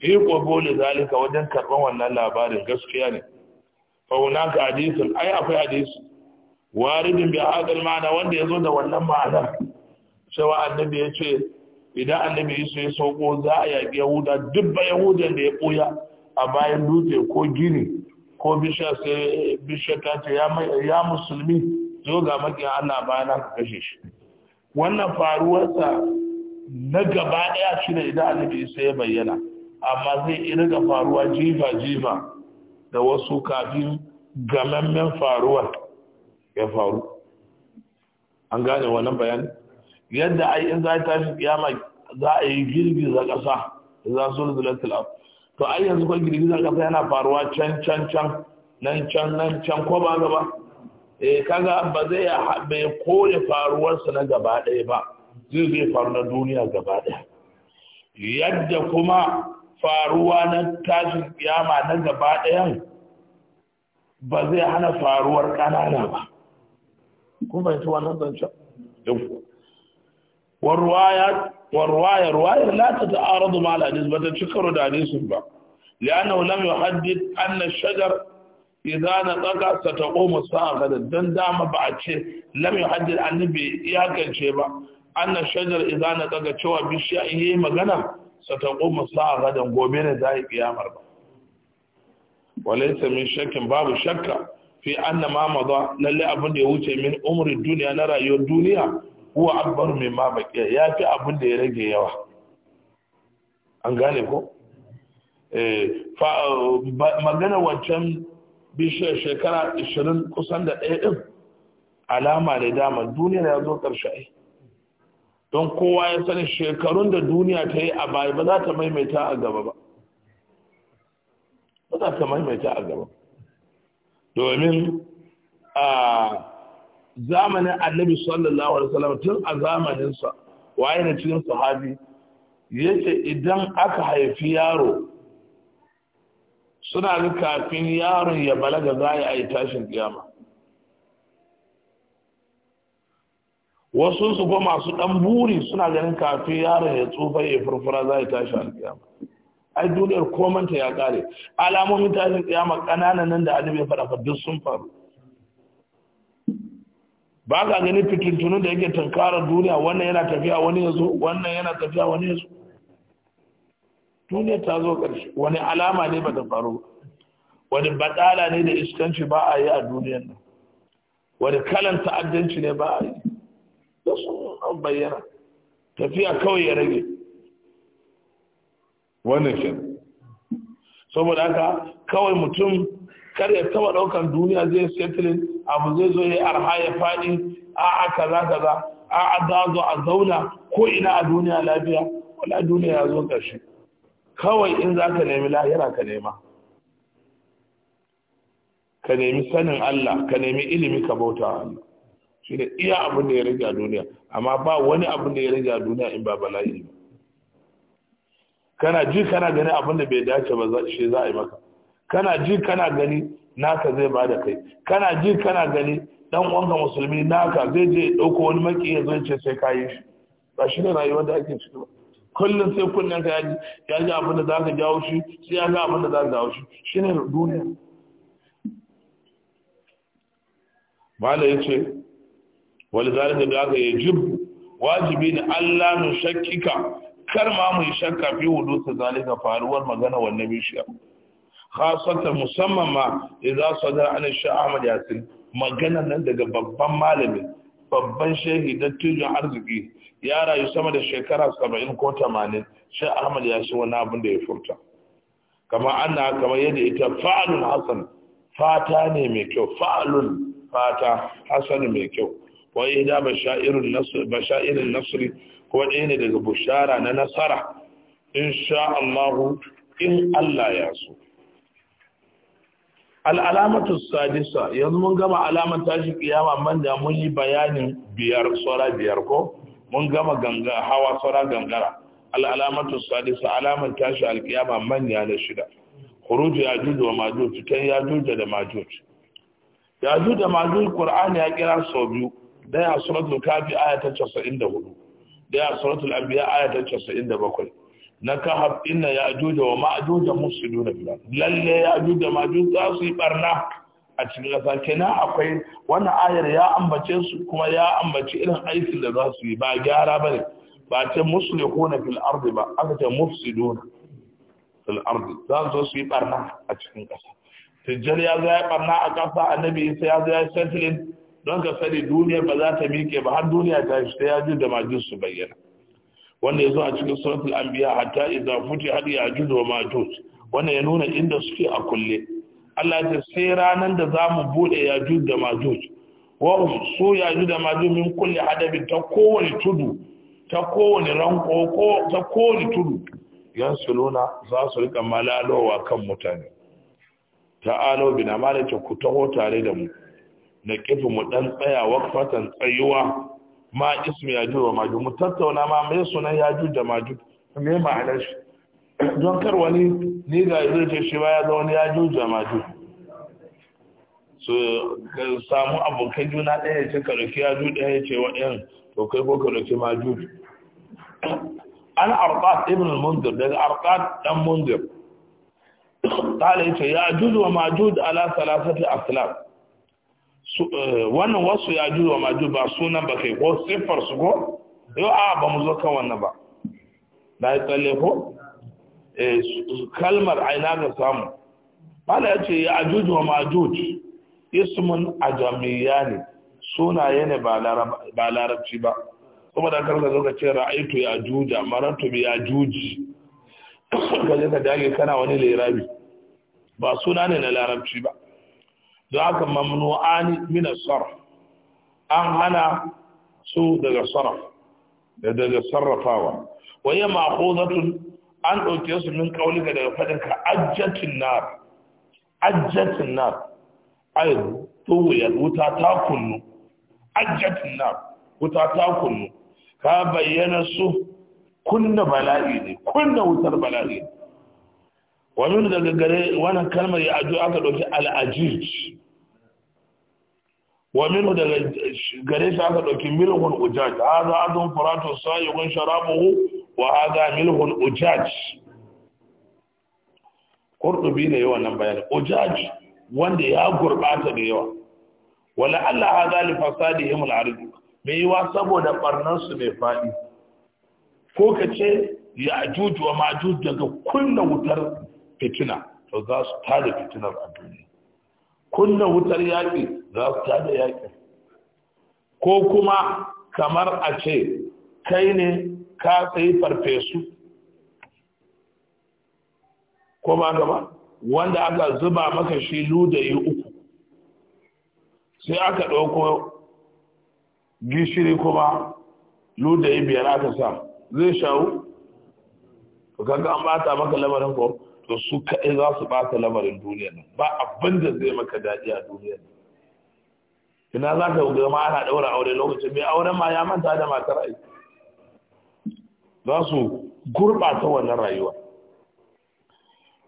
yi kogo ne zalika wajen karɓar wannan labarin gaskiya ne fauna ka hadisin ai akwai hadisi waridin bi hadal ma'ana wanda ya zo da wannan ma'anar cewa annabi ya ce idan annabi Yesu ya sauko za a yaƙi yahuda duk ba yahudan da ya ɓoya a bayan dutse ko gini ko bisha sai bisha ta ce ya musulmi zo ga makiyan allah bayan ka kashe shi wannan faruwarsa na gaba ɗaya shi ne idan annabi isa ya bayyana amma zai ga faruwa jifa-jifa da wasu kafin gamammen faruwar ya faru an gane wannan bayani yadda ai in za a tashi kiyama za a yi girgiza ƙasa za su rizalatul ab to ai yanzu kwan girgiza ƙasa yana faruwa can can can nan can nan can ko ba gaba E kaga ba zai bai kore faruwarsa na gaba ɗaya ba zai zai faru na duniya gaba ɗaya yadda kuma faruwa na tashin kiyama na gaba ɗayan ba zai hana faruwar ƙanana ba kun tuwa wannan zancen warwaya warwaya ruwayar la ta ta'aradu ma hadis ba ta ci da hadisin ba li'annahu lam yuhaddith anna shajar Iza na tsaka sataƙo ta koma sa'a gada dan dama ba a ce lam yuhaddid bai iyakance ba anna shajar iza na tsaka cewa bishiya in yi magana sataƙo ta koma sa'a gada gobe ne za yi kiyamar ba walaysa min shakkin babu shakka fi anna ma madha lalle abin da ya wuce min umarin duniya na rayuwar duniya huwa akbar min ma baqiya yafi abin da ya rage yawa an gane ko wancan bishiyar shekara 20 kusan da ɗaya ɗin alama da dama duniya ya zo ƙarshe don kowa ya sani shekarun da duniya ta yi a baya ba za ta maimaita a gaba ba ba za ta maimaita a gaba domin a zamanin annabi sallallahu alaihi wasallam tun a zamaninsa waye ne cikin sahabi yace idan aka haifi yaro suna da kafin yaron ya balaga za a yi tashin kiyama wasu su ko masu dan buri suna ganin kafin yaron ya tsufa ya furfura za a yi tashin kiyama ai duniyar komanta ya kare alamomin tashin kiyama kananan nan da annabi ya faɗa duk sun faru ba ga gani fitintunin da yake tunkarar duniya wannan yana tafiya wani ya zo wannan yana tafiya wani ya zo duniya ta zo ƙarshe wani alama ne ba ta faru wani batsala ne da iskanci ba a yi a duniyar nan wani kalan ta'addanci ne ba a yi da sun bayyana tafiya kawai ya rage wannan shi saboda haka kawai mutum kar ya taba daukan duniya zai settling abu zai zo ya arha ya faɗi a a kaza kaza a a zazo a zauna ko ina a duniya lafiya wala duniya ya zo ƙarshe kawai in za ka nemi lahira ka nema ka nemi sanin Allah ka nemi ilimi ka bauta Allah shi ne iya abin da ya rage a duniya amma ba wani abin da ya rage a duniya in ba bala'i ilimi kana ji kana gani abin da bai dace ba shi za a yi maka kana ji kana gani naka zai ba da kai kana ji kana gani dan uwanka musulmi naka zai je dauko wani maki ya zo ce sai ka yi shi ba shi ne rayuwar da ake ciki ba kullum sai kunnen ka ya ji abin da za ka jawo shi sai ya ga abin da za ka jawo shi shi ne duniya mala ya ce wani zarin da aka yi jib wajibi ne allah mu shakkika kar ma mu shakka fi hudu ta zalika faruwar magana wannan bishiya khasata musamman ma idza sadara an sha'a Ahmad Yasin magana nan daga babban malamin. babban shehi dattijon arziki ya rayu sama da shekara saba'in ko tamanin shi ahmad ya shi wani abin da ya furta kama ana kama yadda ita fa'alun hasan fata ne mai kyau fa'alun fata hasan mai kyau ba sha basha'irin nasri kuma wani ne daga bushara na nasara insha Allahu in Allah ya so al'alamatu sadisa yanzu mun gama alamar tashi kiyama man da mun yi bayanin biyar tsora biyar ko mun gama ganga hawa tsora gangara al'alamatu sadisa alamar tashi alkiyama manya da shida khuruju yajuj wa majuj fitan yajuj da majuj Ya da majuj qur'ani ya kira sau biyu daya suratul kafi aya 94 daya suratul anbiya aya 97 na kahab inna ya ajuja wa ma'ajuja musuluna fil ard lalle ya ajuja ma'ajuj za su yi barna a cikin ƙasa kenan akwai wannan ayar ya ambace su kuma ya ambace irin aikin da za su yi ba gyara bane ba ta muslihuna fil ardi ba aka ta mufsiduna fil ardi za su su yi barna a cikin ƙasa tijjar ya zai barna a ƙasa annabi isa ya zai settling don ka sani duniya ba za ta miƙe ba har duniya ta shi ta yaju da majus su bayyana wanda ya zo a cikin suratul anbiya hatta idza ya ya'juj wa majus wanda ya nuna inda suke a kulle Allah ya sai ranan da zamu bude ya da majus wa su ya'juj da majus min kulli hadabi ta kowane tudu ta kowane ranko ko ta kowani tudu nuna za su rika malalowa kan mutane ta'alo bina malaka ku taho tare da mu na kifi mu dan tsaya wakfatan tsayuwa ma ismi yaju wa maju mu tattauna ma me sunan yaju da maju me ma'anar shi don kar wani ni ga zai ce shi ba ya ga wani yaju da maju Ka samu abokan juna ɗaya ce ka ya yaju ɗaya ce waɗin to kai ko ka ɗauki maju an arqat ibn al-mundir daga arqat dan mundir قال يا جود وماجود على ثلاثه اسلام Eh, wannan wasu ya juju wa maju ba sunan ba kai ko siffar su ko yau a ba mu zo kan wannan ba da ya tsalle ko eh, kalmar aina ga samu bala ya ce ya juju wa maju a jamia ne Suna sunaye ne ba larabci ba kuma da karka zo ka ce ra'aitu ya juja maratu ya juji ka zai ka dage kana wani lirabi ba suna ne na larabci ba don haka mamnu'ani min sarf an hana su daga sarf da daga sarrafawa waye ya an ɗauke su min kaulika daga fadin ka ajjatin nar ajjatin nar ay ya wuta ta kunnu ajjatin nar wuta ta kunnu ka bayyana su kunna bala'i ne kunna wutar bala'i ne wani wanda daga gare wannan kalmar ya ajo aka ɗauki al'ajij wani wanda daga gare shi aka ɗauki milhun ujaj a za a zan farato sa yi gun sharabu wa a ga milhun ujaj kurɗubi ne yawan nan bayan ujaj wanda ya gurɓata da yawa Wani Allah ha za li fasadi himul arzu yi wa saboda barnarsu mai faɗi ko ka ce ya ajuju wa majuju daga kunna wutar fitina to za su tada fitinar a duniya kunna wutar yaƙi za su tada yaƙi ko kuma kamar a ce kai ne ka tsayi farfesu ko ba gaba wanda aka zuba maka shi ludayi uku sai aka ɗauko gishiri kuma ludayi biyar aka sa zai shawo ga an bata maka lamarin ko to su kaɗai za su ɓata lamarin duniya nan ba abin da zai maka daɗi a duniya nan ina za ka ga ma ana ɗaura aure lokacin mai auren ma ya manta da matar ai za su gurɓata wannan rayuwa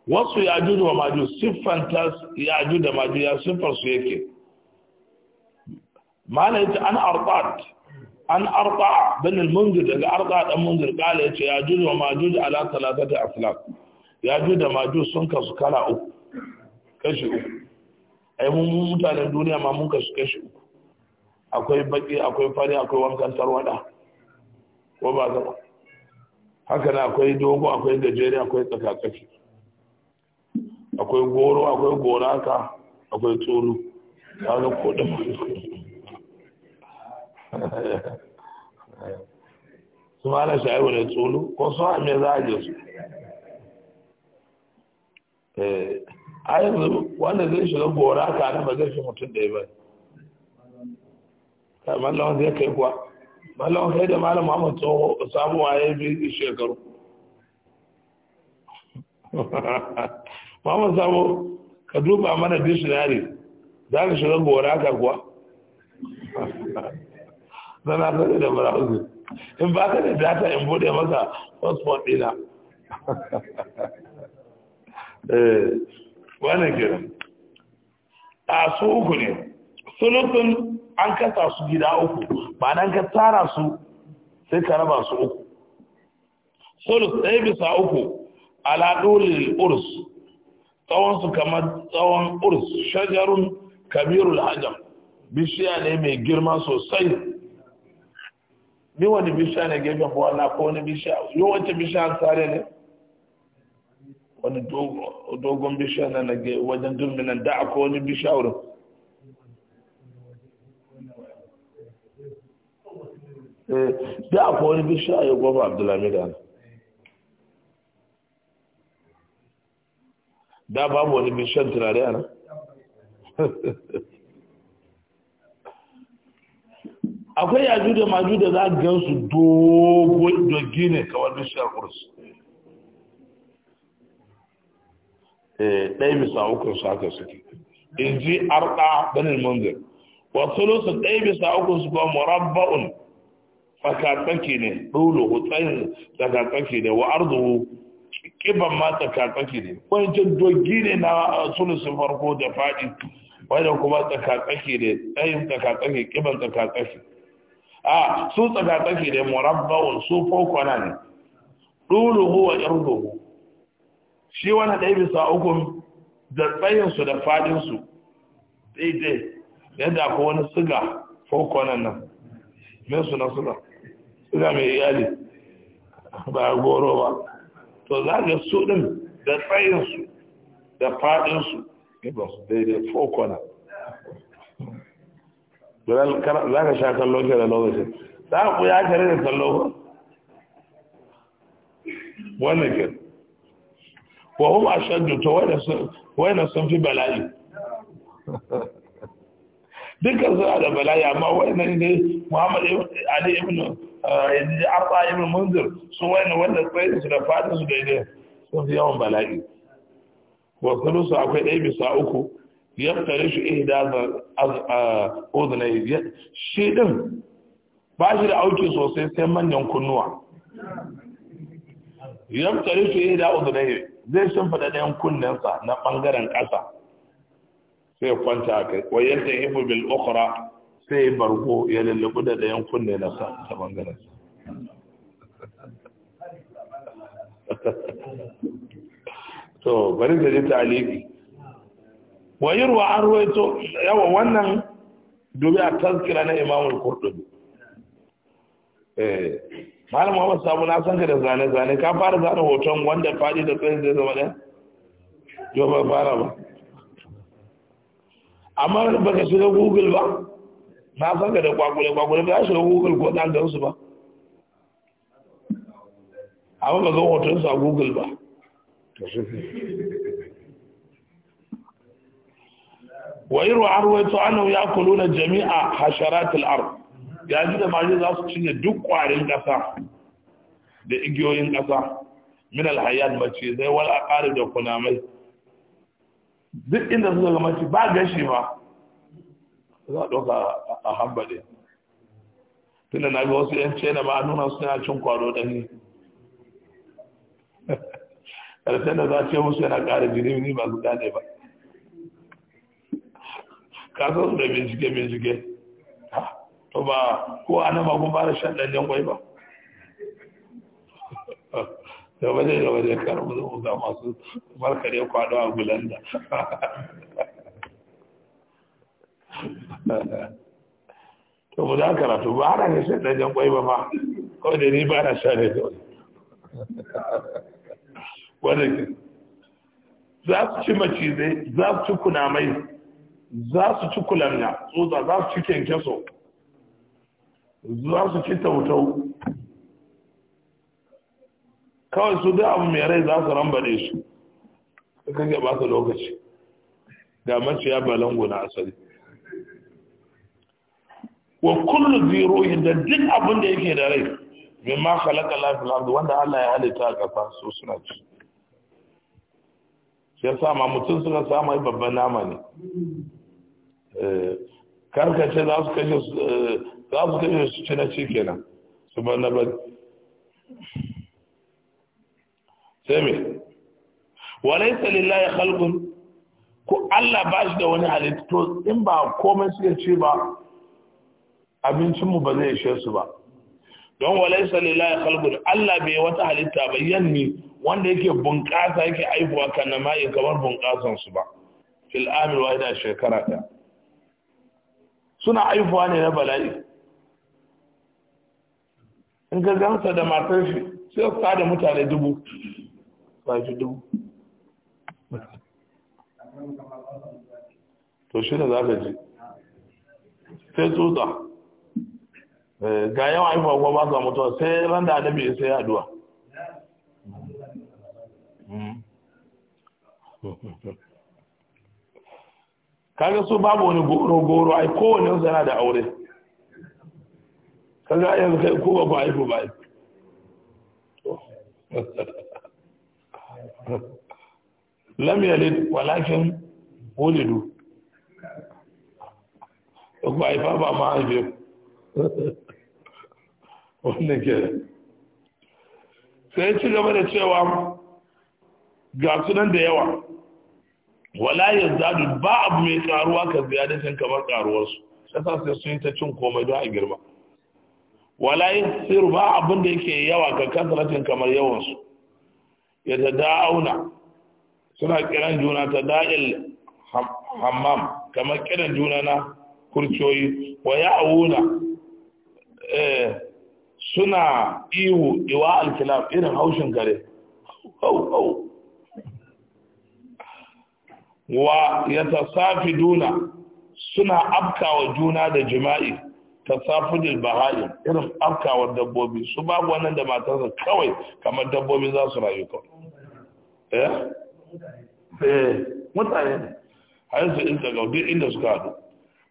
wasu ya ju da maju siffanta ya ju da maju ya siffar su yake mana yace an arbat an arba bin al mundir daga arqa dan mundir kala yace ya ju da maju ala thalathati aslaf ya da maju sun kasu kala uku kashi uku ai mun mutanen duniya ma mun kasu kashi uku akwai baki akwai fari akwai wankan tarwada ko ba zama haka na akwai dogo akwai gajere akwai tsakakaki akwai goro akwai goraka akwai tsoro ta wani kodin su ma na shayi da tsoro ko su a me za a je su Eh, a yanzu wanda zai shiga gora ka na ba zai fi mutum da ya ta mallawan zai kai kuwa mallawan kai da malam muhammad tsoho samuwa yi bi shekaru muhammad sabo ka duba mana dictionary za ka shiga gora ka kuwa zana sani da browser in ba ka da data in bude maka hotspot dina. Eh, wannan kenan a su uku ne sulutun an kasa su gida uku ba nan ka tara su sai ka raba su uku sulus ɗaya bisa uku alaɗulil urs tsawonsu kamar tsawon urs shajarun kabirul hajam bishiya ne mai girma sosai ni wani bishiya ne gefen buwa na ko wani bishiya yawancin bishiya tare ne wani dogon bishiya na nage wajen dumbinan da akwai wani bisha wurin eh, da akwai wani bisha ya gwaba abdulhamida da babu wani bishiyan turare ana akwai yaju da maju da za a gansu dogo da gine kawar bishiyar kursu Eh, ɗaya bisa uku su haka suke in ji arɗa ɗanin manzir wasu lusa ɗaya bisa uku su kuma murabba'un tsakatsaki ne ɗulu tsayin tsakatsaki ne wa arzuhu kiban ma tsakatsaki ne wancan dogi ne na sulusun uh, farko da faɗi wannan kuma tsakatsaki ne tsayin tsakatsaki kiban tsakatsaki a su tsakatsaki ne murabba'un su fokona ne ɗulu huwa irzuhu shi wani ɗaya bisa ukun da tsayinsu da fadinsu daidai yadda akwai wani siga fokonan nan min su na siga siga mai iyali ba goro ba to za ga su ɗin da tsayinsu da fadinsu ibinsu daidai fokonan za ka sha kallo ke da lokacin za ku ya kare da kallo wannan ke wa hum ashaddu to wayna sun fi bala'i dukkan suna da bala'i amma wayna ne Muhammad Ali eh, ibn Arba ibn Munzir su wayna wanda tsayin su da fadin su daidai sun fi yawan bala'i wa sulusu akwai ɗaya bisa uku yaftare eh, shi ihda uzunai shi din ba shi da auki sosai sai manyan kunnuwa yaftare shi ihda uzunai zai shimfada ɗayan kunnensa na ɓangaren ƙasa sai kwanta a kai wa yadda ibu bil ukhra sai ya bargo ya lullubu da ɗayan kunne na sa ta ɓangaren to bari da ji talibi wa yurwa an ruwaito yawa wannan dubi a taskira na imamun kurdubi eh, malam Muhammad Sabu na san ka da zane zane ka fara zane hoton wanda fadi da tsayin zai zama ɗaya yo ba fara ba amma ba ka shiga Google ba na san ka da kwakule kwakule ba shiga Google ko dan gansu ba amma ba ga hoton su a Google ba wa irwa arwaito annahu yakuluna jami'a hasharatil ard gaji da maje za su cinye duk kwarin ƙasa da igiyoyin ƙasa min alhayyar mace zai wal aqarib da kunamai duk inda su ga mace ba gashi ma za a ɗauka a hambade tunda na ga wasu yan china ba a nuna suna cin kwaro ɗani ƙarshen da za a ce musu yana ƙara jini ni ba su gane ba kasar da bincike bincike ba ko ana ba kun fara shan ɗanɗan kwai ba waje da waje kar mu zo ga masu da kwado a gulanda to mu za karatu ba ana ne shan ɗanɗan kwai ba ma kawai da ni ba na sha ne kawai ke za su ci macizai za su ci kunamai za su ci kulamna tsotsa za su ci kyankyaso zuwa su ci tautau kawai su duk abu mai rai za su rambane su kan gaba su lokaci ga mace ya balango na asali wa kullu zirohin da duk abin da yake da rai min ma khalaqa la fil wanda Allah ya halitta a kafa so suna ci ya sama mutum suka samu babban nama ne eh, karkace za su kashe eh, za su ta su ci na kenan su ba na ba sai me walaisa lillahi halgun ko Allah ba shi da wani halittu, to in ba komai suke ce ba abincinmu ba zai ishe su ba don walaisa lillahi halgun Allah bai wata halitta ba yanni wanda yake bunƙasa yake aihuwa kan na mai kamar bunƙasansu su ba fil amil wahida shekara ɗaya suna aihuwa ne na bala'i in ka gamsa da matar shi sai ka da mutane dubu ba dubu to shi ne za ka ji sai tsutsa eh, ga yawan haifa kuma ba za mutuwa sai ran da adabi sai haduwa hmm. kaga su babu wani goro-goro ai kowane zana da aure kaga yanzu kai ko ba ku haifu ba haifu lam yalid walakin wulidu ku haifa ba ma haife wannan ke sai ci gaba da cewa ga sunan da yawa wala yanzu ba abu mai karuwa ka ziyadatin kamar karuwarsu sai sai sun yi ta cin komai don a girma wala yasiru ba abin da yake yawa ga kasratin kamar yawansu, ya ta da'auna suna kiran juna ta da'il hammam kamar kiran juna na kurciyoyi wa ya auna eh, suna iwu iwa alkilaf irin haushin kare hau hau wa duna suna afkawa juna da jima'i tasafudil bahari irin afkawar dabbobi su babu wannan da matarsa kawai kamar dabbobi za su rayu kawai eh, eh mutane ne har su in daga duk inda suka haɗu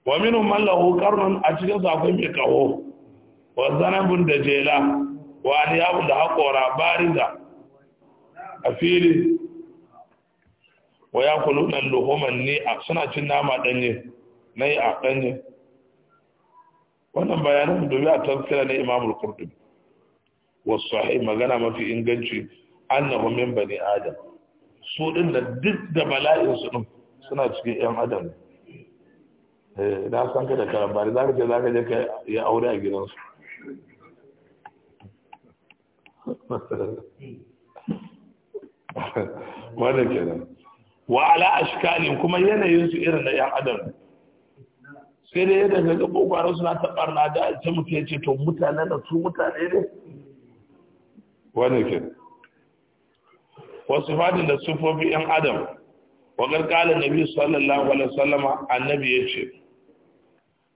wa minu mallahu karnun a cikin su akwai mai kawo wa zanabun da jela wa aliyabu da haƙora bariga a fili wa ya kulu ɗan luhuman ne suna cin nama ɗanye na yi a ɗanye wannan bayanan domin a tafsira ne imamul qurtubi wa sahih magana mafi inganci annahu min bani adam su din da duk da bala'in su din suna cikin yan adam eh na san ka da karambari zaka je zaka je ka ya aure a gidansu wanda kenan wa ala ashkalin kuma yanayin su irin na yan adam sai dai yadda ga kokarin suna ta barna da sai mutum ya ce to mutane da su mutane ne wani ke wasu fadin da sufofi yan adam wakar kala biyu sallallahu alaihi sallama annabi ya ce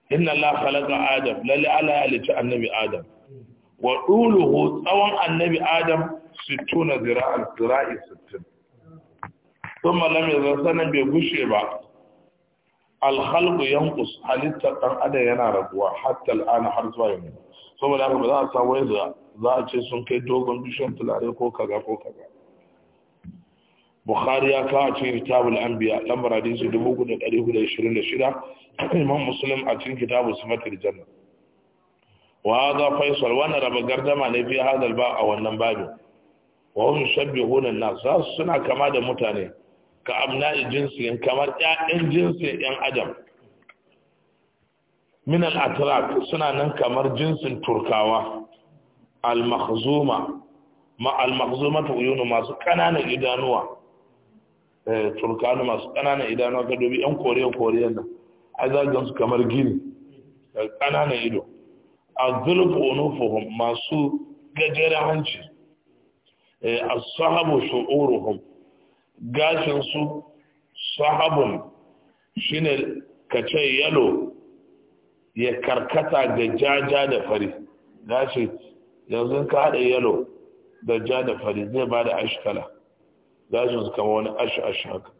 inna la khalaqa adam lalle ala ya halitta annabi adam wa duluhu tsawon annabi adam su tuna zira'i sittin Sun malamai yazal sanan bai gushe ba alhalku yankus halittar ɗan adam yana raguwa hatta al'ana har zuwa yanzu saboda haka ba za a samu yadda za a ce sun kai dogon bishiyan tulare ko kaza ko kaza bukhari ya kawo a cikin kitabul anbiya lambar hadisi 3426 imam muslim a cikin kitabu sifatul janna wa hadha faisal wannan raba gardama ne fi hadal ba a wannan babin wa hum shabbihuna an-nas suna kama da mutane ka amna jinsin kamar ƴaƴan jinsin ƴan adam min al suna nan kamar jinsin turkawa al-makhzuma ma al-makhzuma uyunu masu kananan idanuwa eh turkanu masu kananan idanuwa ka dubi ƴan koriya koriyan nan azagan su kamar gini kananan ido azulfu unufuhum masu gajeren hanci eh, as-sahabu shu'uruhum gashinsu sahabun shi ne ka ce yalo ya karkata da jaja da fari gashi yanzu ka hada yalo da ja da fari zai ba da ashkala gashinsu kama wani ash-ash haka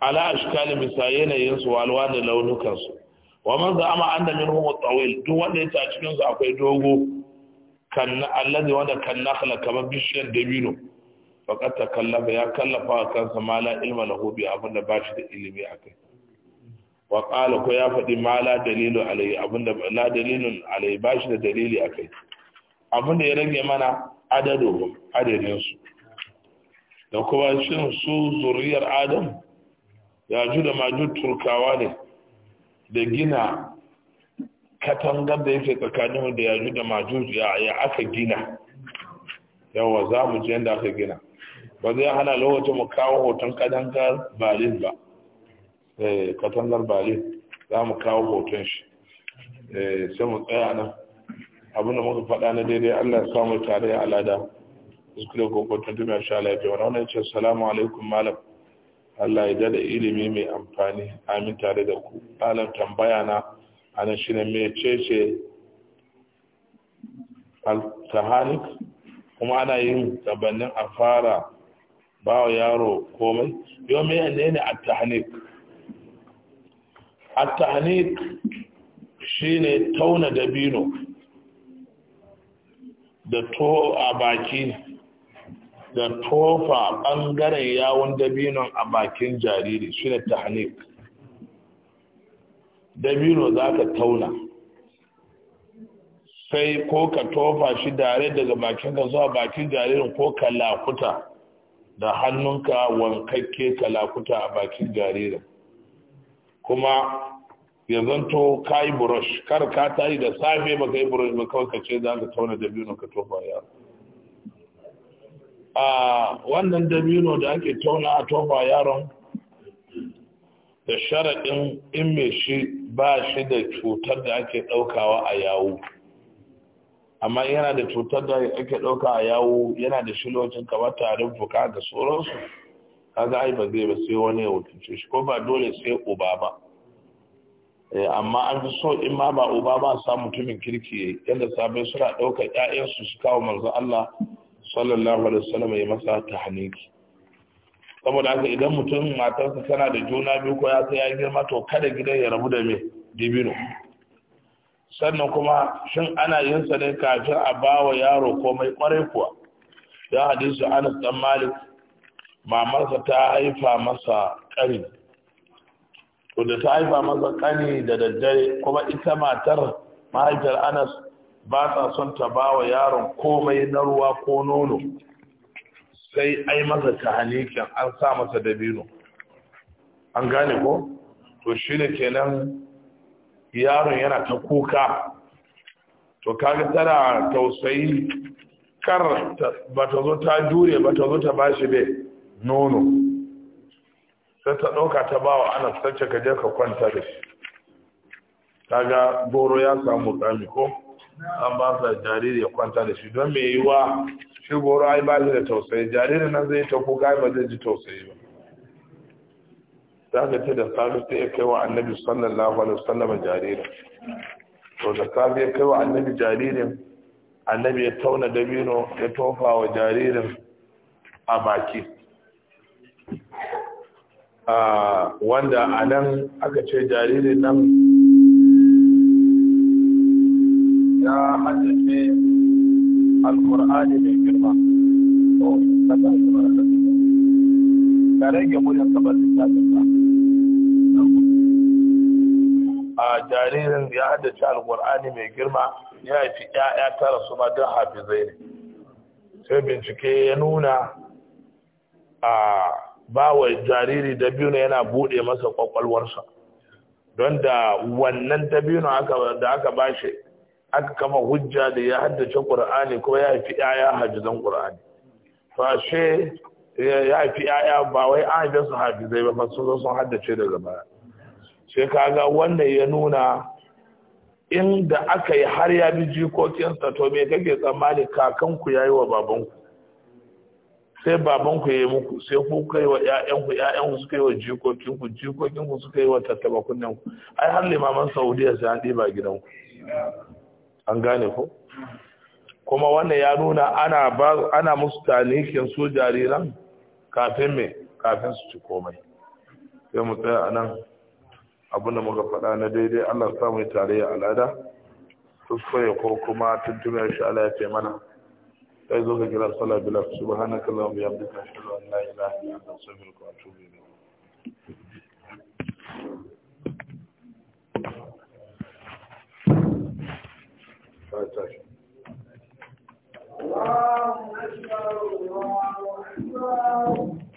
ala ashkali misa yanayinsu walwa da launukansu wa man ama anna min at-tawil duk wanda ya a cikin su akwai dogo kan allazi wanda kan nakhla kamar bishiyar dabino ta kallafa ya kallafa kansa mala ilma lahu abin abinda ba shi da ilimi akai wa qala ko ya faɗi mala dalilu alai abinda la dalilun alai ba shi da dalili akai abinda ya rage mana adadu adadin su da kuma shin su zuriyar adam ya ju da maju turkawa ne da gina katangar da yake tsakaninmu da ya ju da maju ya aka gina yawa za mu ji yadda aka gina ba zai hana lokacin mu kawo hoton kadangar balin ba eh katangar balin za mu kawo hoton shi eh sai mu tsaya nan abin da muka faɗa na daidai Allah ya samu tare a alada iskule ko ko mai sha lafiya wani wannan ce assalamu alaikum malam Allah ya dada ilimi mai amfani amin tare da ku malam tambaya na ana shine mecece al tahalik kuma ana yin gabanin a fara ba yaro komai yomi ya ne ne attahanik attahanik shine tauna dabino da to a baki da tofa bangaren yawon dabinon a bakin jariri shine tahanik dabino zaka tauna sai ko ka tofa shi dare daga bakin ka zuwa bakin jaririn ko ka lakuta da hannunka wankakke kalakuta a bakin jaririn kuma ya zanto ka yi burush kar ka yi da safe ba ka yi burush ba kawai ka ce za ka tauna dabino ka tofa ya a wannan dabino da ake tauna a tofa yaron da sharaɗin in mai shi ba shi da cutar da ake ɗaukawa a yawo amma yana da cutar da ake ɗauka a yawo yana da shilocin kamar tarin fuka da sauransu kaga ai ba zai ba sai wani ya wakilce shi ko ba dole sai uba ba eh, amma an fi so in ma ba uba ba sa mutumin kirki yadda sabai suna ɗaukar ƴaƴansu su kawo manzo Allah sallallahu alaihi wasallam ya masa tahniki saboda haka idan mutum matarsa tana da juna biyu ko ya sai ya girma to kada gidan ya rabu da me dibino sannan kuma shin ana yin sa ne kafin a ba wa yaro komai kwarai kuwa ya hadisu anas dan malik mamarsa ta haifa masa kani to da ta haifa masa kani da daddare kuma ita matar mahaifiyar anas ba ta son ta ba wa yaron komai na ruwa ko nono sai ai masa tahanikin an sa masa dabino an gane ko to shi kenan yaron yana ta kuka to kaga tana tausayi kar ba ta zo ta jure ba ta zo ta bashi be nono sai ta ɗauka ta bawa ana sace ka je ka kwanta da shi kaga goro ya samu tsami ko an ba sa jariri ya kwanta da shi don me yiwa shi goro ai ba shi da tausayi jaririn nan zai ta kuka ba zai ji tausayi ba daga ta da safe ta ya kai wa annabi sallallahu alaihi wasallam jaririn to da safe ya kai wa annabi jaririn annabi ya tauna dabino ya tofa wa jaririn a baki wanda a nan aka ce jaririn nan ya haddace alkur'ani mai girma ta oh, rage muryar kabar littafin jaririn ya haddace alkur'ani mai girma ya haifi ya'ya tara su ma don hafizai ne sai bincike ya nuna a bawa jariri dabino yana bude masa ƙwaƙwalwarsa don da wannan dabino da aka ba shi aka kama hujja da ya haddace ƙur'ani ko ya haifi ya'ya hajjizan ƙur'ani fashe ya haifi ya'ya ba wai an haife su hafizai ba sun sun haddace daga baya sai kaga wannan ya nuna inda aka yi har ya bi jikokinsa to me kake tsammani kakanku ya yi wa babanku sai babanku ya yi muku sai ku kai wa ƴaƴanku ƴaƴanku suka yi wa jikokinku jikokinku suka yi wa tattaba kunnenku ai har limaman saudiya sai an ɗiba gidanku an gane ko kuma wannan ya nuna ana ba ana musu tanikin su jariran kafin me kafin su ci komai sai mu tsaya anan abinda muka faɗa na daidai Allah sa mu tarayya al'ada kuskure ko kuma tuntunar shi Allah ya ce mana sai zo ka kira sala bilal subhanaka allahumma bihamdika ashhadu an la ilaha illa anta astaghfiruka wa atubu ilayk Allahu Akbar Allahu Akbar